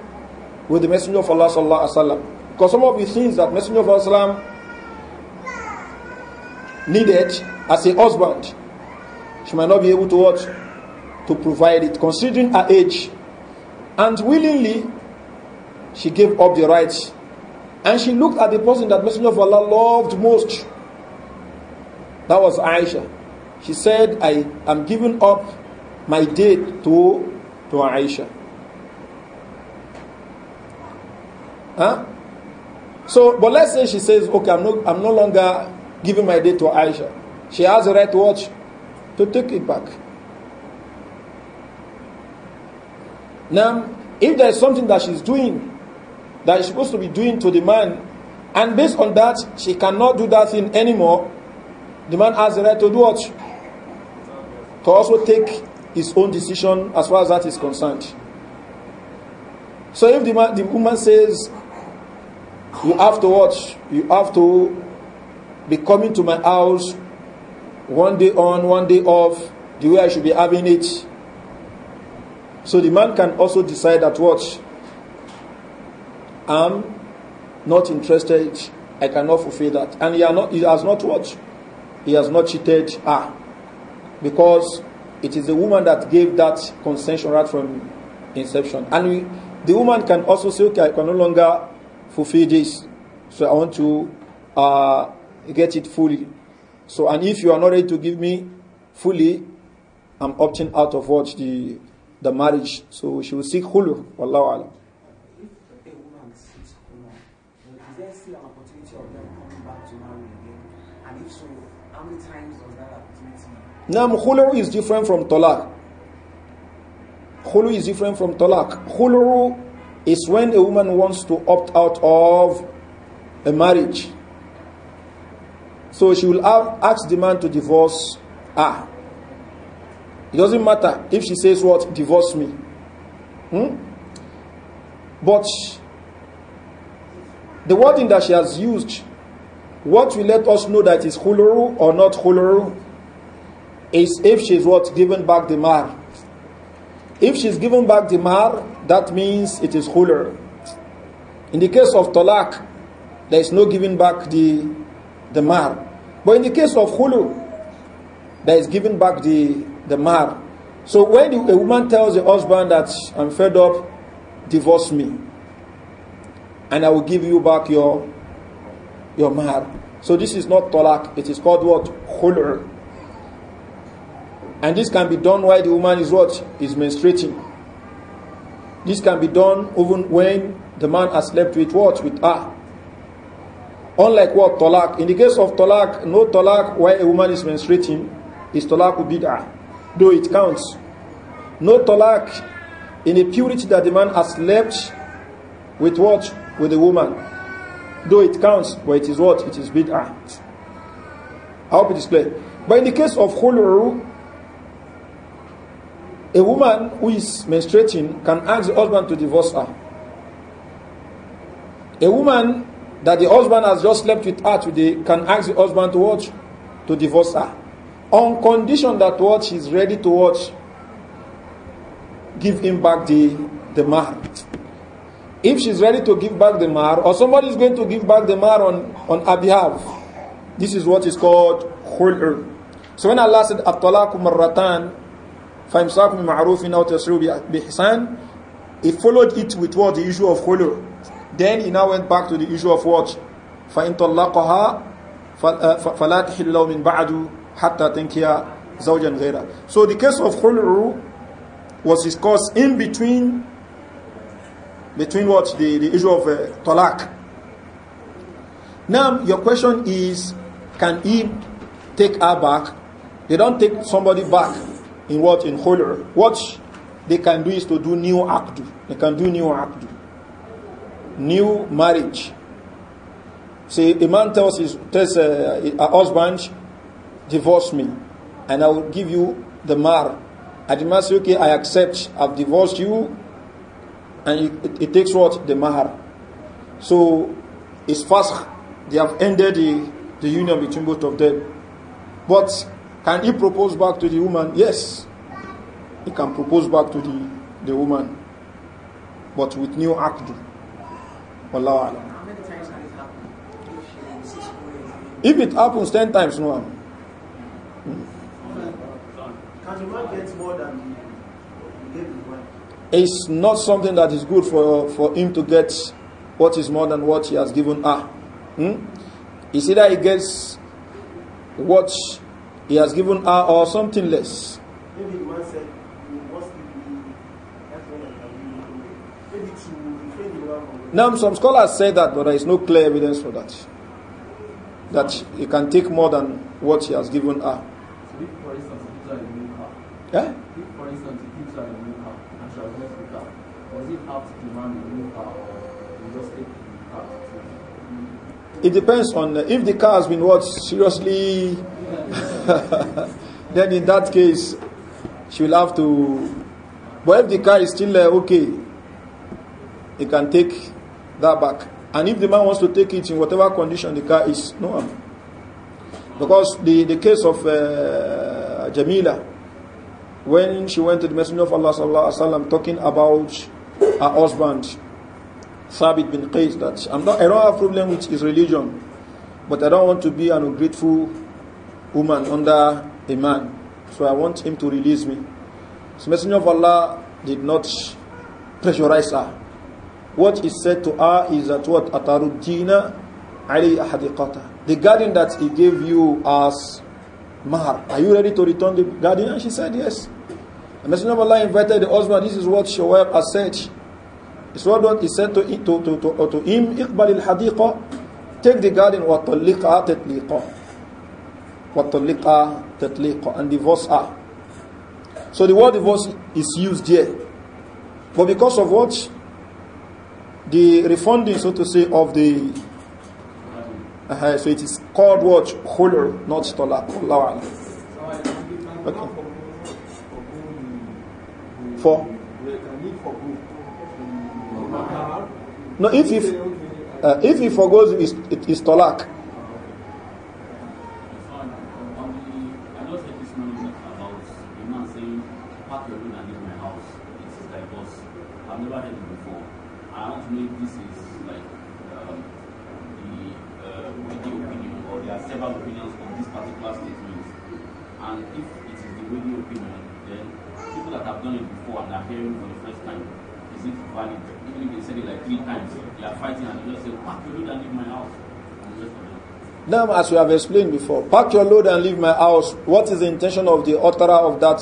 with the Messenger of Allah sallallahu alaihi wasallam. Because some of the things that Messenger of Allah needed as a husband, she might not be able to what to provide it, considering her age. And willingly, she gave up the rights. And she looked at the person that Messenger of Allah loved most. That was Aisha. She said, I am giving up my date to, to Aisha. Huh? So, but let's say she says, okay, I'm no, I'm no longer giving my date to Aisha. She has the right to watch to take it back. Now, if there is something that she's doing that she's supposed to be doing to the man, and based on that, she cannot do that thing anymore, the man has the right to do what? To also take his own decision as far as that is concerned. So if the, man, the woman says, you have to watch. You have to be coming to my house one day on, one day off, the way I should be having it. So the man can also decide that what I'm not interested, I cannot fulfill that. And he, not, he has not watched He has not cheated her. Ah, because it is the woman that gave that consensual right from inception. And we, the woman can also say, okay, I can no longer fulfill this. So I want to uh, get it fully. So, and if you are not ready to give me fully, I'm opting out of what the the marriage. So she will seek hulu. Wallahu alam. Now, khulu is different from talaq. Khulu is different from talaq. Khulu is when a woman wants to opt out of a marriage. So she will ask the man to divorce her. It doesn't matter if she says what? Divorce me. Hmm? But the wording that she has used, what will let us know that is huluru or not huluru is if she's what? Given back the mar. If she's given back the mar, that means it is hulur. In the case of talaq, there is no giving back the, the mar. But in the case of khulu, there is giving back the, the mar. So when a woman tells the husband that I'm fed up, divorce me, and I will give you back your, your mar. So this is not talak, it is called what? Khul'u. And this can be done while the woman is what? Is menstruating. This can be done even when the man has slept with what? With her. Unlike what? Talak. In the case of talak, no talak where a woman is menstruating is talak bid'ah, though it counts. No talak in a purity that the man has slept with what? With a woman. Though it counts, but it is what? It is bid'ah. I hope it is clear. But in the case of khul'u, a woman who is menstruating can ask the husband to divorce her. A woman that the husband has just slept with her today can ask the husband to watch, to divorce her. On condition that what she's ready to watch, give him back the, the mar. If she's ready to give back the mar, or somebody is going to give back the mar on, on her behalf, this is what is called khul'ur. So when Allah said, At-talaqu فَإِمْسَاكُمْ بِمَعْرُوفٍ أَوْ تَسْرِيُّ بِإِحْسَانٍ He followed it with what? The issue of khulu. Then he now went back to the issue of what? فَإِنْ طَلَّقَهَا uh, فَلَا تَحِلُّ لَهُ مِنْ بَعْدُ حَتَّى تَنْكِيَ زَوْجًا غَيْرَهُ So the case of khulu was discussed in between between what? The, the issue of uh, Now, your question is, can he take her back? They don't take somebody back in what in khul'u. What they can do is to do new akdu. They can do new akdu. New marriage. Say a man tells his tells a, uh, a husband, divorce me, and I will give you the mar. And the man okay, I accept. I've divorced you, and it, it takes what the mahar. So it's fast. They have ended the, the union between both of them. But can he propose back to the woman? Yes. He can propose back to the, the woman. But with new act. Allah Allah. If it happens ten times, no. Hmm? It's not something that is good for, for him to get what is more than what he has given her. Ah. Hmm? It's either he gets what he has given her or something less. Maybe the man said, you must be to refrain the woman Now, some scholars say that, but there is no clear evidence for that. That he can take more than what he has given her. So if, for instance, he gives her a new car. Yeah? If, for instance, he gives her a new car and she has left the car, does he have to demand a new car or just take the car? It depends on uh, if the car has been what seriously then in that case, she will have to. But if the car is still uh, okay, he can take that back. And if the man wants to take it in whatever condition the car is, no harm. Because the, the case of uh, Jamila, when she went to the Messenger of Allah sallallahu alaihi wasallam talking about her husband, Thabit bin Qais, that I'm not, I don't have problem with his religion, but I don't want to be an ungrateful woman under a man. So I want him to release me. So Messenger of Allah did not pressurize her. What he said to her is that what Ataruddina Ali Ahadiqata. The garden that he gave you as Mahar. Are you ready to return the garden? And she said yes. And Messenger of Allah invited the husband. This is what she has said. It's what, what he said to, to, to, to, to him, Iqbal al-Hadiqa, take the garden, wa talliqa tatliqa. وَطَلِّقَا تَطْلِقَ and divorce are. So the word divorce is used here. But because of what? The refunding, so to say, of the. Uh, so it is called what? holder, not talaq. Okay. For? No, if he, uh, if he forgoes, it is talaq. this is like um, the uh, opinion, or there are several opinions on this particular statement. And if it is the weighty opinion, then people that have done it before and are hearing for the first time, is it valid? Even if they said it like three times, they are fighting and they just say, pack your load and leave my house. Now, as we have explained before, pack your load and leave my house. What is the intention of the author of that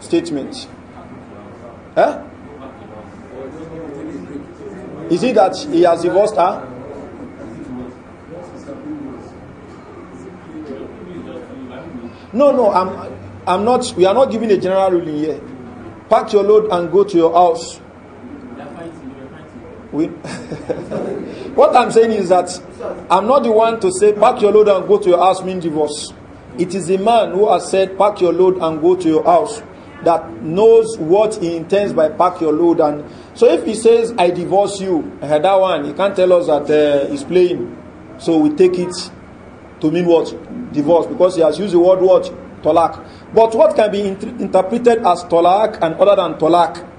statement? Huh? Is it that he has divorced her? No, no, I'm, I'm not. We are not giving a general ruling here. Pack your load and go to your house. We, what I'm saying is that I'm not the one to say pack your load and go to your house mean divorce. It is the man who has said pack your load and go to your house that knows what he intends by pack your load. And so if he says, I divorce you, I had that one, he can't tell us that uh, he's playing. So we take it to mean what? Divorce. Because he has used the word what? Tolak. But what can be int interpreted as tolak and other than tolak?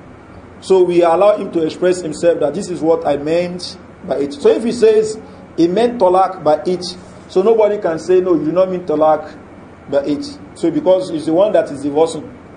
So we allow him to express himself that this is what I meant by it. So if he says, he meant talak by it, so nobody can say, no, you do not mean talak by it. So because he's the one that is divorcing.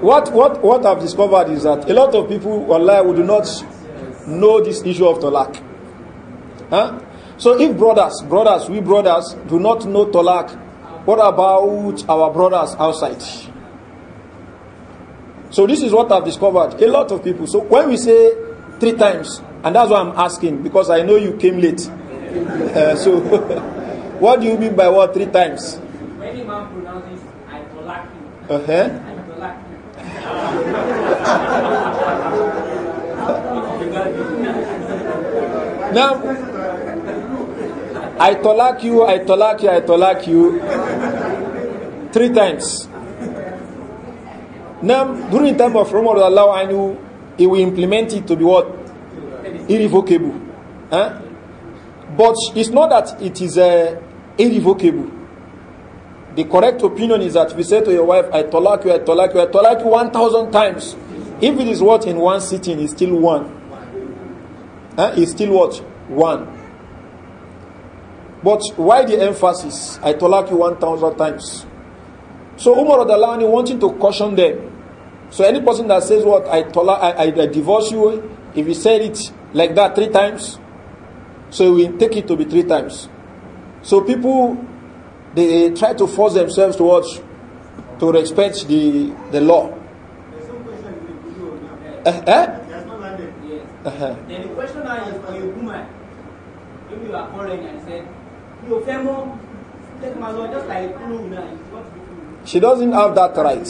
what, what, what I've discovered is that a lot of people online would not know this issue of talak. Huh? So if brothers, brothers, we brothers do not know talak, what about our brothers outside? So this is what I've discovered. A lot of people. So when we say three times, and that's why I'm asking because I know you came late. Uh, so what do you mean by what three times? When Imam pronounces "I talak you," uh-huh now i tolak you i tolak you i tolak you three times now during the time of Umar allow knew he will implement it to be what irrevocable huh? but it's not that it is uh, irrevocable The correct opinion is that if you say to your wife, I talak you, I talak you, I talak you 1,000 times, if it is what in one sitting, it's still one. Uh, it's still what? One. But why the emphasis? I talak you 1,000 times. So Umar Adalani wanting to caution them. So any person that says what, I, talak, I, I, I divorce you, if you said it like that three times, so we take it to be three times. So people they try to force themselves towards to respect the the law. Uh, eh? Uh-huh. Then the question now is for a woman. If you are calling and said, "You femo, take my law just like clue now." She doesn't have that right.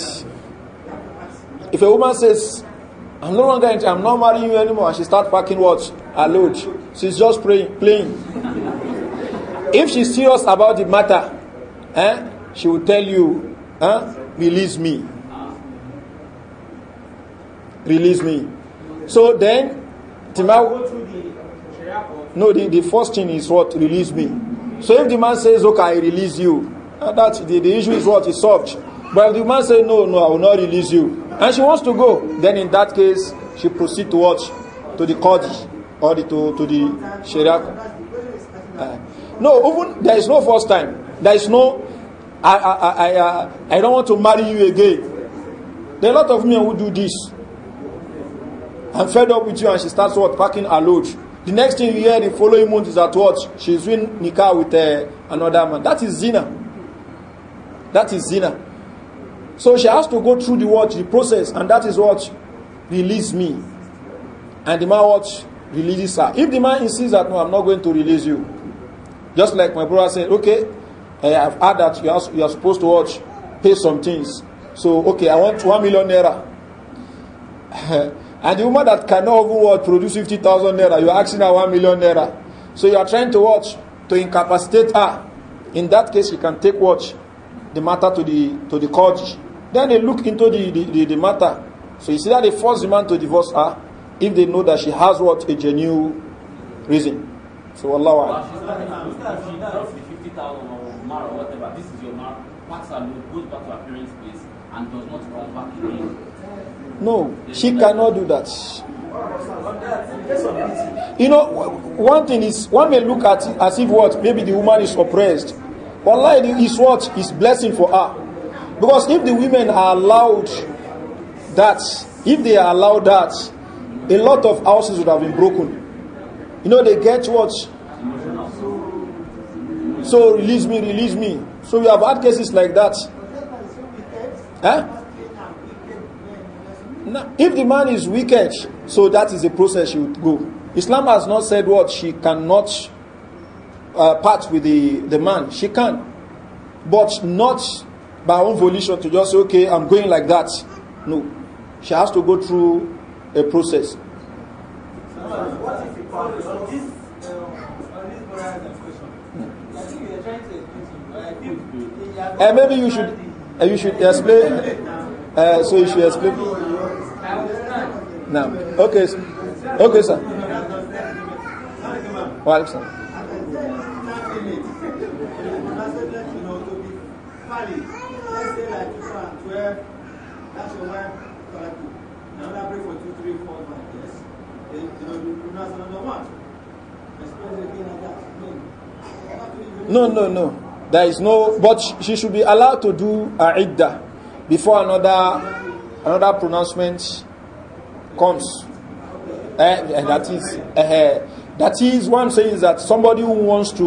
If a woman says, "I'm no longer, I'm not marrying you anymore," and she starts packing what her load, she's just praying, playing. if she's serious about the matter, eh? she will tell you, eh? release me. Release me. So then, the man, no, the, the first thing is what? Release me. So if the man says, okay, I release you, that the, the issue is what is solved. But if the man says, no, no, I will not release you, and she wants to go, then in that case, she proceed to watch to the court or the, to, to the Sharia. Uh, no, even there is no first time. There is no, I, I, I, I, I don't want to marry you again. There are a lot of men who do this. I'm fed up with you, and she starts what? Packing her load. The next thing you hear the following month is that what? She's doing nikah with uh, another man. That is zina. That is zina. So she has to go through the what? The process, and that is what? Release me. And the man what? Releases her. If the man insists that no, I'm not going to release you. Just like my brother said, okay, Hey, eh, I've heard that you are, you are supposed to watch, pay some things. So, okay, I want one million naira. and the woman that cannot even what, produce 50,000 naira, you're asking her one million naira. So you are trying to watch, to incapacitate her. In that case, you can take watch the matter to the to the court. Then they look into the, the, the, the matter. So you see that they force the man to divorce her if they know that she has what a genuine reason. So Allah. Well, mark or whatever, this is your mark, packs her load, goes back to her parents' place, and does not come back again. No, There's she cannot do that. You know, one thing is, one may look at it as if what maybe the woman is oppressed. but Wallahi is what is blessing for her. Because if the women are allowed that, if they are allowed that, a lot of houses would have been broken. You know, they get what So release me, release me. So we have had cases like that. Huh? Now, if the man is wicked, so that is the process she would go. Islam has not said what she cannot uh, part with the, the man. She can, but not by own volition to just say, okay, I'm going like that. No, she has to go through a process. what is the And eh, maybe you should uh, you should explain. Uh, so you should explain. Now, okay, okay, sir. Well, sir. No, no, no. There is no, but she should be allowed to do a idda before another another pronouncement comes. Uh, eh, and eh, that is uh, that is what I'm saying is that somebody who wants to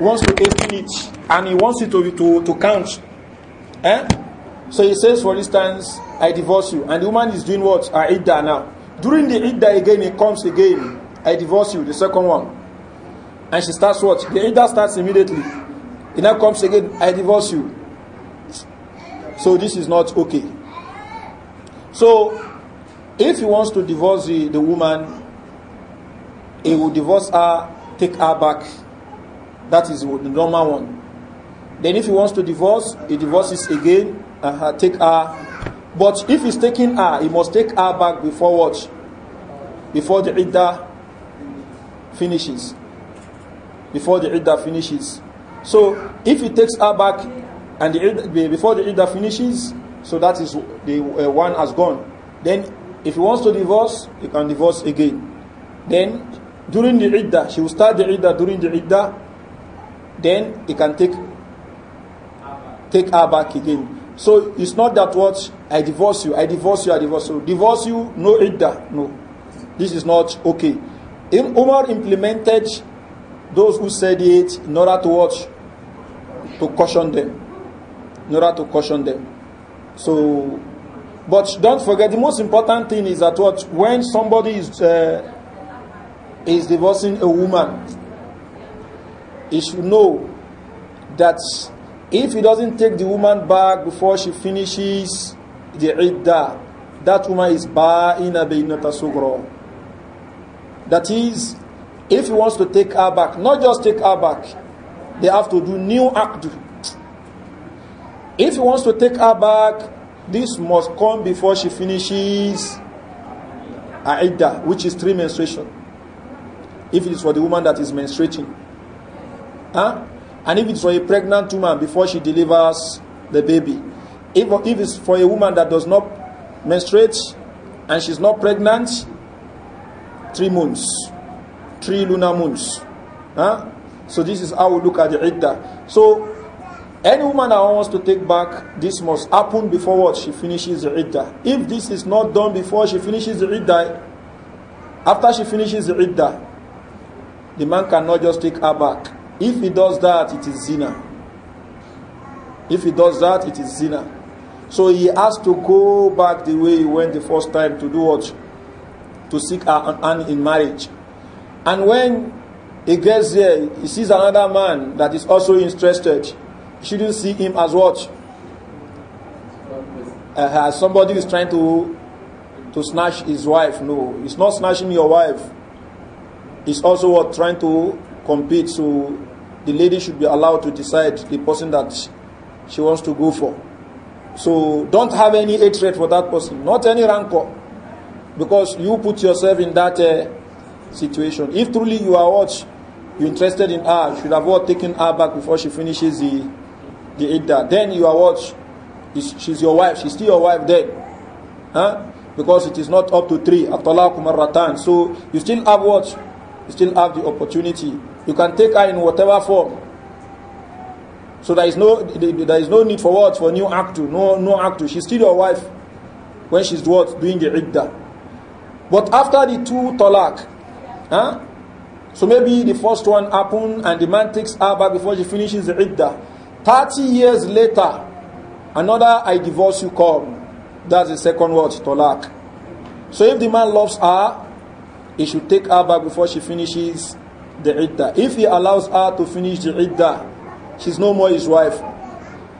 wants to hasten it and he wants it to to, to count. Eh? So he says, for instance, I divorce you, and the woman is doing what? I idda now. During the idda again, it comes again. I divorce you, the second one, and she starts what? The idda starts immediately. He now comes again, I divorce you. So this is not okay. So if he wants to divorce the, the woman, he will divorce her, take her back. That is the normal one. Then if he wants to divorce, he divorces again, uh, take her. But if he's taking her, he must take her back before what? Before the idda finishes. Before the idda finishes. So if he takes her back and the, before the Iddah finishes, so that is the uh, one has gone. Then if he wants to divorce, he can divorce again. Then during the Iddah, she will start the Iddah during the Iddah. Then he can take take her back again. So it's not that what I divorce you, I divorce you, I divorce you. Divorce you, no idda, no. This is not okay. In Umar implemented those who said it in order to watch, to caution them. In order to caution them. So, but don't forget, the most important thing is that what when somebody is uh, is divorcing a woman, he should know that if he doesn't take the woman back before she finishes the idda, that woman is ba'ina ba'inata sugra. That is, If he wants to take her back, not just take her back, they have to do new act. If he wants to take her back, this must come before she finishes aida, which is three menstruation. If it is for the woman that is menstruating. Huh? And if it's for a pregnant woman before she delivers the baby. If, if it's for a woman that does not menstruate and she's not pregnant, three months. three lunar moons. Huh? So this is how we look at the iddah. So any woman that wants to take back this must happen before what she finishes the iddah. If this is not done before she finishes the iddah, after she finishes the iddah, the man cannot just take her back. If he does that, it is zina. If he does that, it is zina. So he has to go back the way he went the first time to do what? To seek her hand in marriage. And when he gets there, he sees another man that is also interested. He shouldn't see him as what? Uh, as somebody is trying to to snatch his wife. No, it's not snatching your wife. It's also what trying to compete. So the lady should be allowed to decide the person that she wants to go for. So don't have any hatred for that person, not any rancor, because you put yourself in that. Uh, situation. If truly you are what you interested in her, should have what taken her back before she finishes the the idda. Then you are what she's your wife, she's still your wife then. Huh? Because it is not up to three. Atalaq So you still have what? You still have the opportunity. You can take her in whatever form. So there is no there is no need for what? For new actu. No no actu. She's still your wife when she's what? Doing the idda. But after the two talaq, Huh? So maybe the first one happened and the man takes her back before she finishes the iddah. 30 years later, another I divorce you come. That's the second word, talak. So if the man loves her, he should take her back before she finishes the iddah. If he allows her to finish the iddah, she's no more his wife.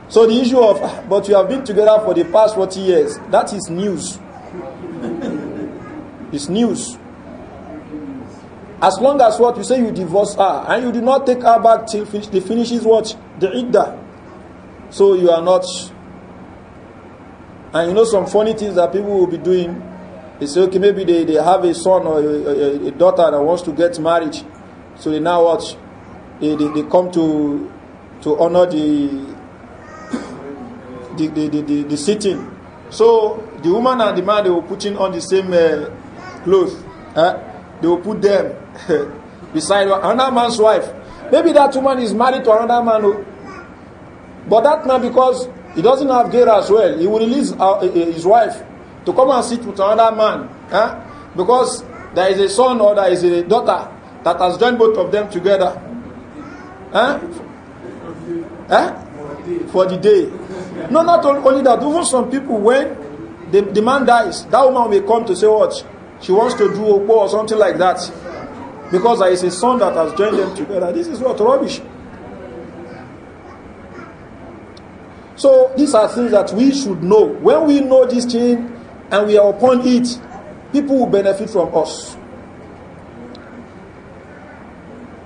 So the issue of, but you have been together for the past 40 years, that is news. it's news. As long as what you say you divorce her and you do not take her back till fin- the finishes what? The idda, So you are not. And you know some funny things that people will be doing. They say, okay, maybe they, they have a son or a, a, a daughter that wants to get married. So they now watch. They, they, they come to to honor the the, the, the, the, the sitting. So the woman and the man, they were putting on the same uh, clothes. Eh? They will put them beside another man's wife. Maybe that woman is married to another man. Who, oh. but that man, because he doesn't have gear as well, he will release uh, uh, uh, his wife to come and sit with another man. Huh? Because there is a son or there is a daughter that has joined both of them together. Huh? Huh? For the day. No, not only that. Even some people, when the, the man dies, that woman will come to say what? She wants to do or something like that. because there is a son that has joined them together. This is what rubbish. So these are things that we should know. When we know this thing and we are upon it, people will benefit from us.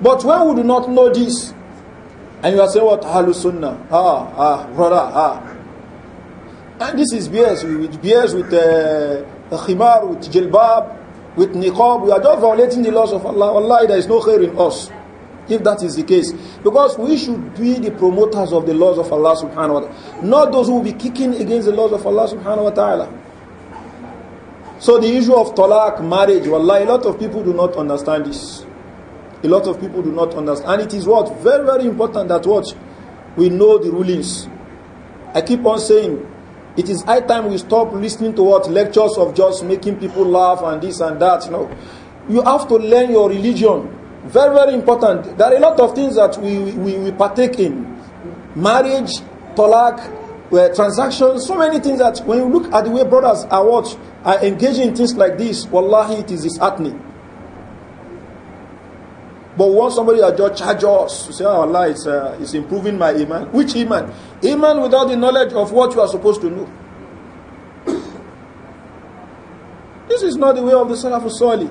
But when we do not know this, and you are saying, What? Halu Ah, ah, brother, ah. And this is BS with BS, with uh, khimar, with jilbab, with niqab, we are just violating the laws of Allah. Allah, there is no khair in us. If that is the case. Because we should be the promoters of the laws of Allah subhanahu wa ta'ala. Not those who will be kicking against the laws of Allah subhanahu wa ta'ala. So the issue of talak, marriage, wallahi, a lot of people do not understand this. A lot of people do not understand. And it is what? Very, very important that what? We know the rulings. I keep on saying, It is high time we stop listening to what lectures of just making people laugh and this and that. You know, you have to learn your religion. Very, very important. There are a lot of things that we, we, we partake in. Marriage, talak, eh, transactions, so many things that when you look at the way brothers are what are engaging in things like this, wallahi, it is disheartening. But once somebody that just charge us, you say, oh, ah, Allah, it's, uh, it's improving my iman. Which iman? Iman without the knowledge of what you are supposed to know. this is not the way of the Salafus Salih.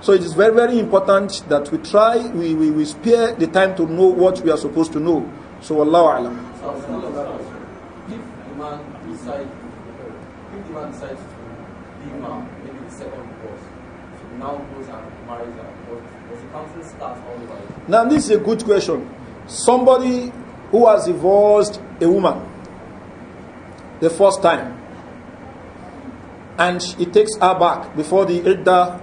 So it is very, very important that we try, we, we, we spare the time to know what we are supposed to know. So Allah Alam. the man to maybe the second so now and the all Now this is a good question. Somebody who has divorced a woman the first time and he takes her back before the idda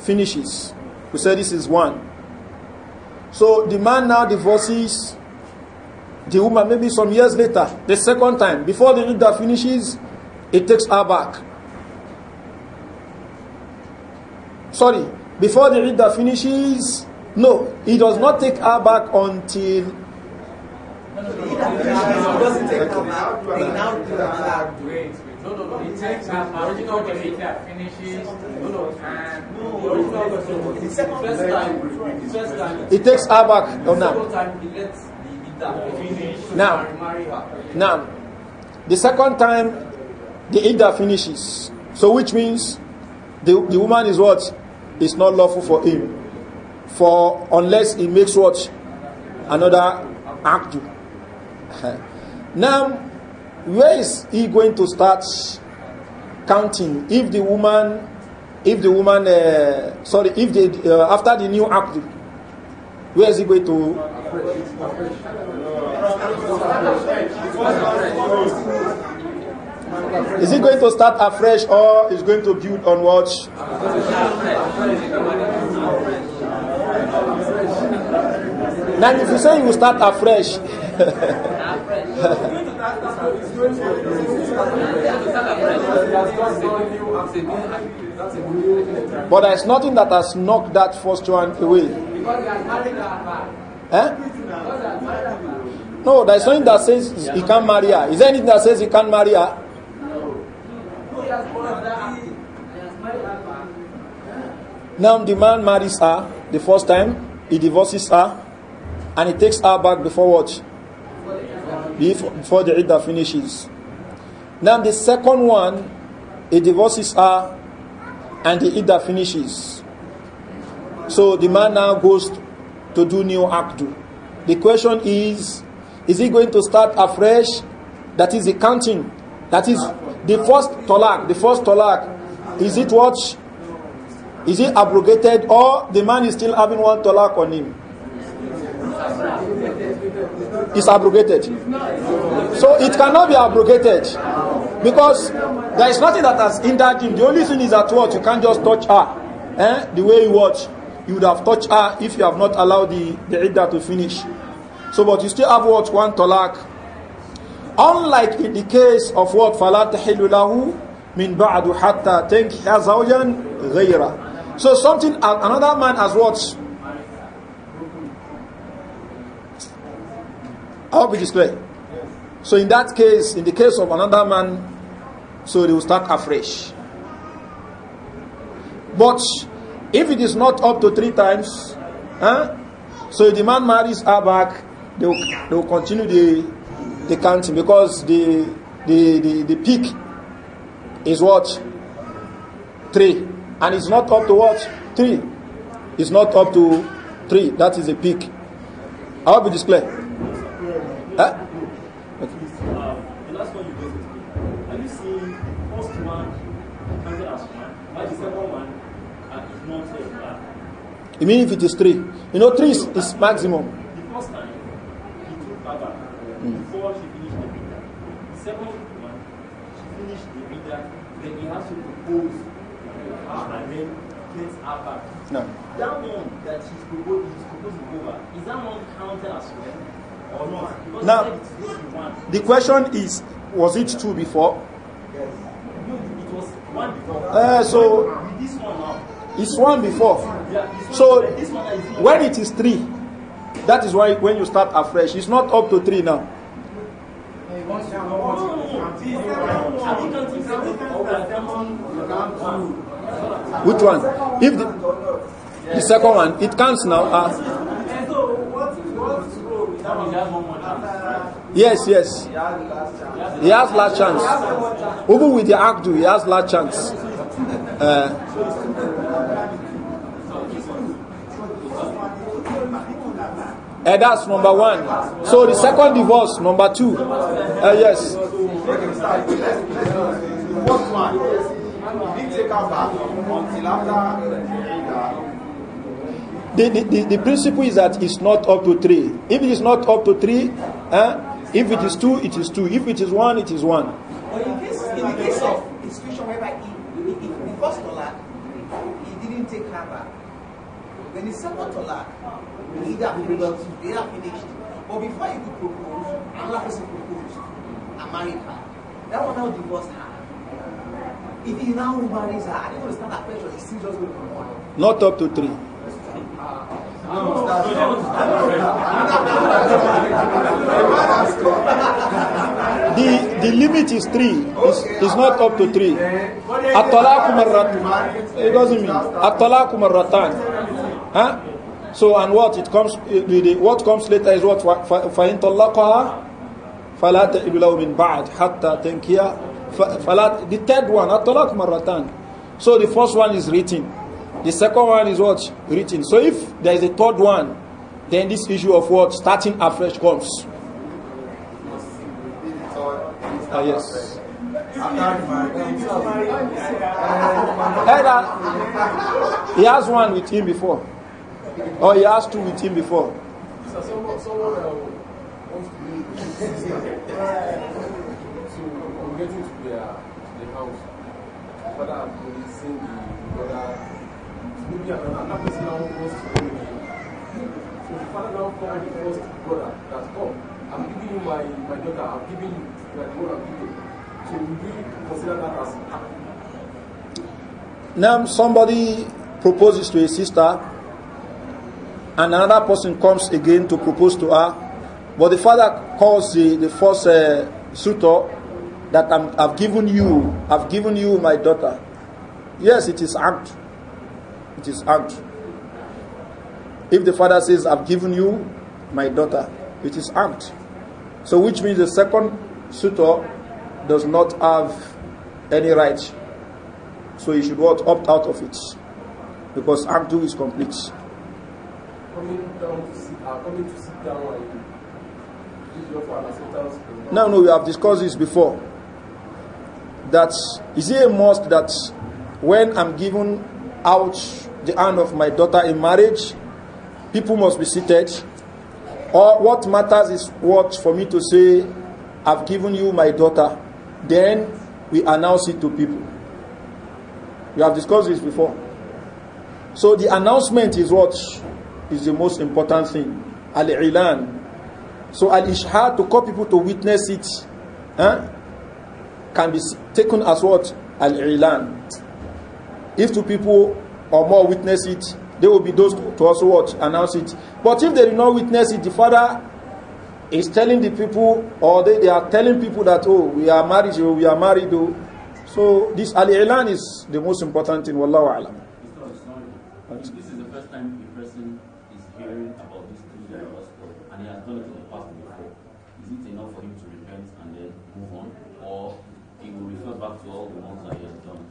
finishes. We say this is one. So the man now divorces the woman maybe some years later, the second time, before the idda finishes, he takes her back. Sorry, before the idda finishes, no, he does not take her back until doesn't take them out, they now do no, no, no. It takes original finishes. No, no, and the original First time, first time. It takes Abak now. Second time, he lets the finish. Now, now, the second time, the Ida finishes. So, which means the, the woman is what? It's not lawful for him. For unless he makes what? Another act. now, where is he going to start counting if the woman, if the woman, uh, sorry, if they, uh, after the new act, where is he going to? Is he going to start afresh or is going to build on watch? Now, if you say you start afresh, but there's nothing that has knocked that first one away. Eh? No, there's nothing that says he can't marry her. Is there anything that says he can't marry her? Now the man marries her the first time, he divorces her, and he takes her back before what? before the Iddah finishes. Now the second one, he divorces her and the Iddah finishes. So the man now goes to do new Akdu. The question is, is he going to start afresh? That is the counting. That is the first talak. The first talak. Is it what? Is it abrogated or the man is still having one talak on him? is abrogated. So it cannot be abrogated because there is nothing that has hindered him. The only thing is that what you can't just touch her eh? the way you watch. You would have touched her if you have not allowed the, the idda to finish. So, but you still have what one talak. Unlike in the case of what falat hilulahu min ba'du hatta tank hazawyan ghayra. So something another man has watched. I hope it is clear. So in that case, in the case of another man, so they will start afresh. But if it is not up to three times, huh? so if the man marries her back, they will, they will continue the, the counting because the, the, the, the peak is what? Three. And it's not up to what? Three. It's not up to three. That is the peak. I hope it is clear. Huh? Okay. Um, uh, the last one you guys explained. Have you seen first one counted as one, but the second one uh, is not uh, as one? You mean if it is three? You know, three is, is maximum. Now, the question is, was it two before? Yes. It was one before. Uh, so, it's one before. So, when it is three, that is why when you start afresh, it's not up to three now. Which one? If the, the second one, it counts now. Uh, Yes, yes. He has last chance. Even with the Akdu, he has last chance. Uh, and eh, that's number one. So the second divorce, number two. Uh, yes. The, the, the, the principle is that it's not up to three. If it's not up to three, eh, If it is two, it is two. If it is one, it is one. But in, case, in the case of institution whereby he, if the first dollar, he didn't take cover. When the second dollar, he had finished. He finished. But before he could propose, Allah has proposed and married her. That one now divorced her. If he now marries her, I don't understand that question. He still just going to be one. Not up to three. Uh, The, the limit is three. It's, it's not up to three. It doesn't mean. Atalaku Huh? So, and what it comes, what comes later is what? فَإِنْ طَلَّقَهَا فَلَا تَئِبْلَوْ مِنْ بَعْدْ حَتَّى تَنْكِيَا The third one, Atalaku So the first one is written. The second one is what? Written. So if there is a third one, then this issue of what? Starting afresh comes. Ah, yes. Either he has one with him before, or he has two with him before. So, getting to the house, father the brother and another goes to So the father now called the first brother that, I'm giving you my, my daughter, I'm giving you I'm giving. So we consider that as now somebody proposes to a sister and another person comes again to propose to her but the father calls the, the first uh, suitor that i have given you i've given you my daughter yes it is act it is harmed. If the father says, I've given you my daughter, it is harmed. So, which means the second suitor does not have any right. So, he should what? Opt out of it. Because harm is complete. Coming down to sit, uh, coming to sit down No, no, we have discussed this before. That is it a must that when I'm given out the hand of my daughter in marriage, people must be seated. Or what matters is what for me to say, I've given you my daughter. Then we announce it to people. We have discussed this before. So the announcement is what is the most important thing. Al-Ilan. So Al-Ishhad, to call people to witness it, huh, can be taken as what? Al-Ilan. If two people or more witness it, they will be those to also watch, announce it. But if they did not witness it, the father is telling the people, or they, are telling people that, oh, we are married, oh, we are married. Oh. So this Ali is the most important thing, Wallahu Alam. This is the first time a person is hearing about this thing that was and he has done it in the past before. Is it enough for him to repent and then move on, or he will refer back to all the ones that he has done?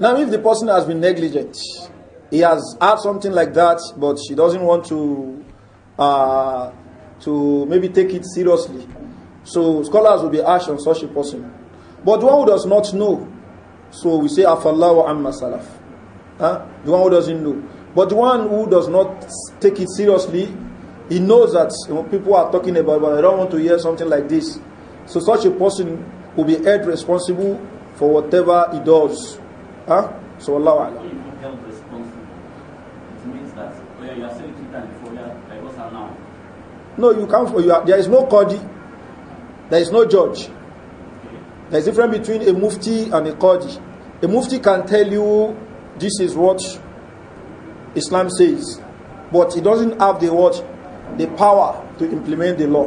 Now, if the person has been negligent, he has had something like that, but she doesn't want to uh, to maybe take it seriously. So scholars will be harsh on such a person. But one who does not know, so we say wa amma salaf. Huh? The one who doesn't know. But the one who does not take it seriously, he knows that you know, people are talking about, but I don't want to hear something like this. So such a person will be held responsible for whatever he does. Huh? So Allah Allah. No, you come for you. Are, there is no qadi. There is no judge. There is a difference between a mufti and a qadi. A mufti can tell you this is what Islam says, but he doesn't have the what the power to implement the law.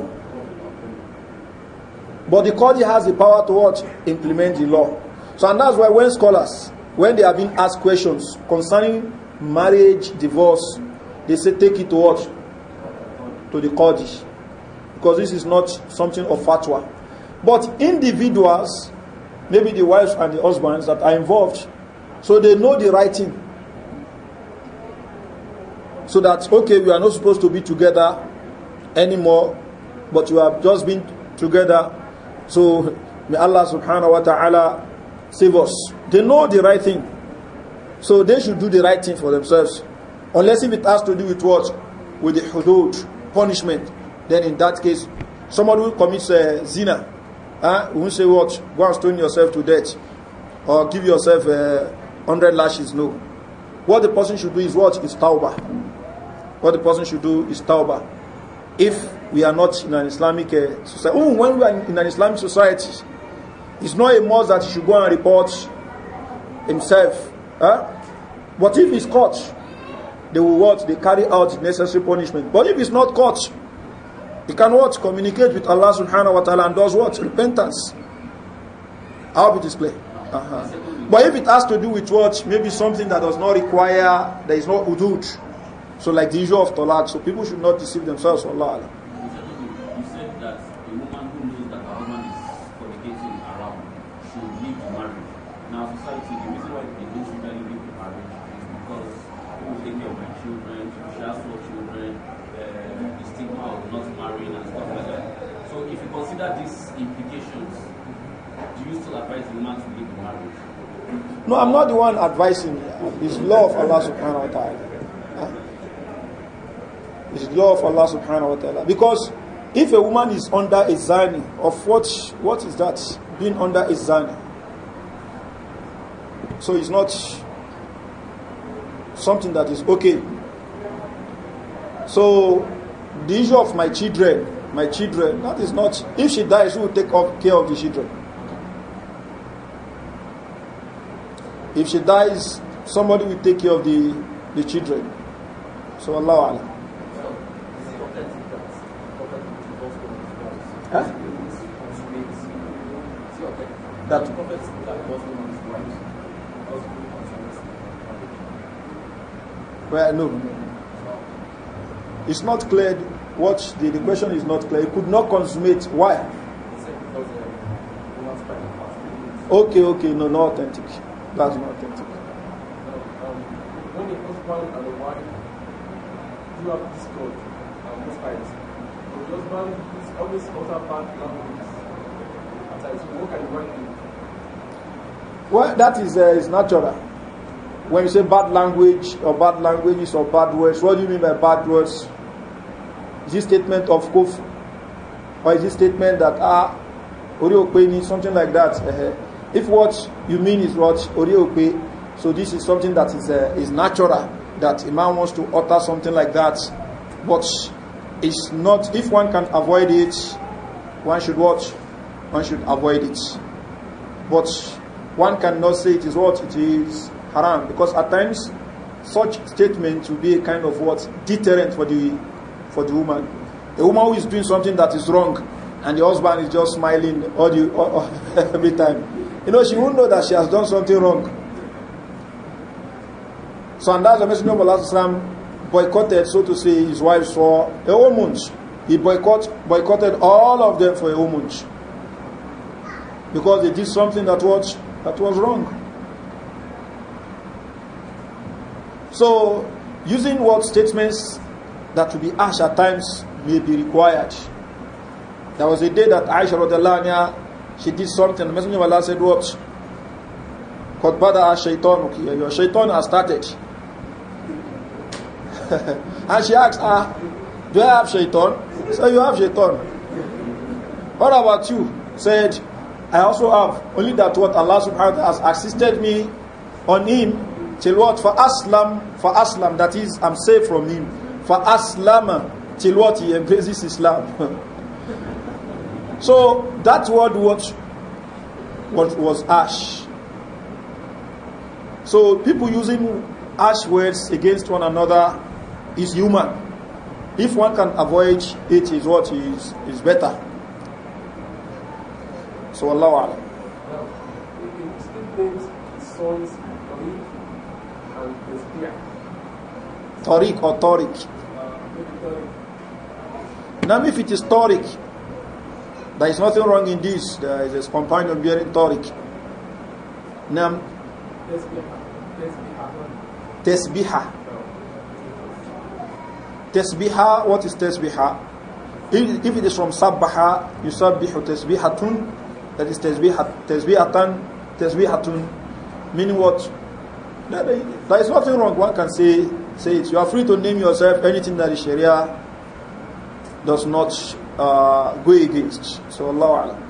But the qadi has the power to what implement the law. So and that's why when scholars when they have been asked questions concerning marriage, divorce, they say take it to what to the Qadi. Because this is not something of fatwa. But individuals, maybe the wives and the husbands that are involved, so they know the right thing. So that, okay, we are not supposed to be together anymore, but you have just been together. So may Allah subhanahu wa ta'ala save us. They know the right thing. So they should do the right thing for themselves. Unless if it has to do with what? With the hudud punishment, then in that case, somebody who commits uh, zina, uh, ah, won't say what, go and stone yourself to death, or give yourself uh, eh, 100 lashes, no. What the person should do is what? Is tauba. What the person should do is tauba. If we are not in an Islamic uh, eh, society, when we are in an Islamic society, it's not a must that he should go and report himself. Huh? Ah. But if he's caught, they will what? They carry out necessary punishment. But if it's not caught, he can what? Communicate with Allah subhanahu wa ta'ala and does what? Repentance. How it is played. Uh -huh. But if it has to do with what? Maybe something that does not require, there is no udud. So like the issue of talaq. So people should not deceive themselves. Allah. No, I'm not the one advising. It's law of Allah subhanahu wa ta'ala. It's law of Allah subhanahu wa ta'ala. Because if a woman is under a zani, of what, what is that? Being under a zani. So it's not something that is okay. So the issue of my children, my children, that is not, if she dies, who will take care of the children? If she dies, somebody will take care of the, the children. So Allah Allah. Huh? That well, no, it's not clear. What the, the question is not clear. It could not consummate. Why? Uh, okay, okay, no, not authentic. That's not authentic. When the husband and the wife do have discord and misfights, the husband is always utter bad languages. At times, what can the wife Well, that is, uh, is natural. When you say bad language or bad languages or bad words, what do you mean by bad words? Is this statement of kufr? Or is this statement that, ah, Ori Okweni, something like that? Uh -huh. If what you mean is what Oriope, so this is something that is, uh, is natural, that a man wants to utter something like that, but it's not, if one can avoid it, one should watch, one should avoid it. But one cannot say it is what it is haram because at times such statement will be a kind of what deterrent for the for the woman. A woman who is doing something that is wrong and the husband is just smiling all the all, all, every time. you know, she won't know that she has done something wrong. So, and that's the Messenger of Islam boycotted, so to say, his wives for a whole month. He boycott, boycotted all of them for a whole month because they did something that was that was wrong. So, using what statements that will be harsh at times may be required. There was a day that Aisha she did something. The Messenger of Allah said, What? Kotbada shaitan, your shaitan has started. and she asked "Ah, Do I have shaitan? So You have shaitan. What about you? Said, I also have, only that what Allah subhanahu wa ta'ala has assisted me on him till what? For Aslam, for Aslam, that is, I'm safe from him. For Aslam, till what? He embraces Islam. So that word what, what was ash. So people using ash words against one another is human. If one can avoid it is what is is better. So Allah Alam. Tariq or uh, Tariq. Now if it is Tariq, there is nothing wrong in this. There is a companion bearing tariq. Nam. Tesbiha. Tesbiha. What is tesbiha? If, it is from sabbaha, yusabbihu tesbihatun. That is tesbihat, tesbihatan, tesbihatun. Meaning what? There is nothing wrong. One can say say it. You are free to name yourself anything that the Sharia does not uh, go against. So Allah Alam.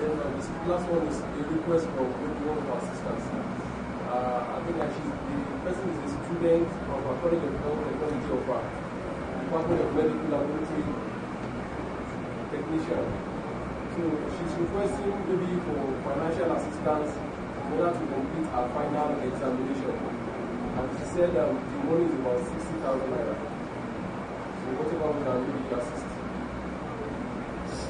Uh, this last one is a request for one of our sisters. Uh, I think that she's, the person is a student of a College of Health Technology of our Department of Medical Laboratory Technician. So she's requesting maybe for financial assistance in order to complete her final examination. And she said um, the money is about 60,000 naira. So whatever we can do, we assist.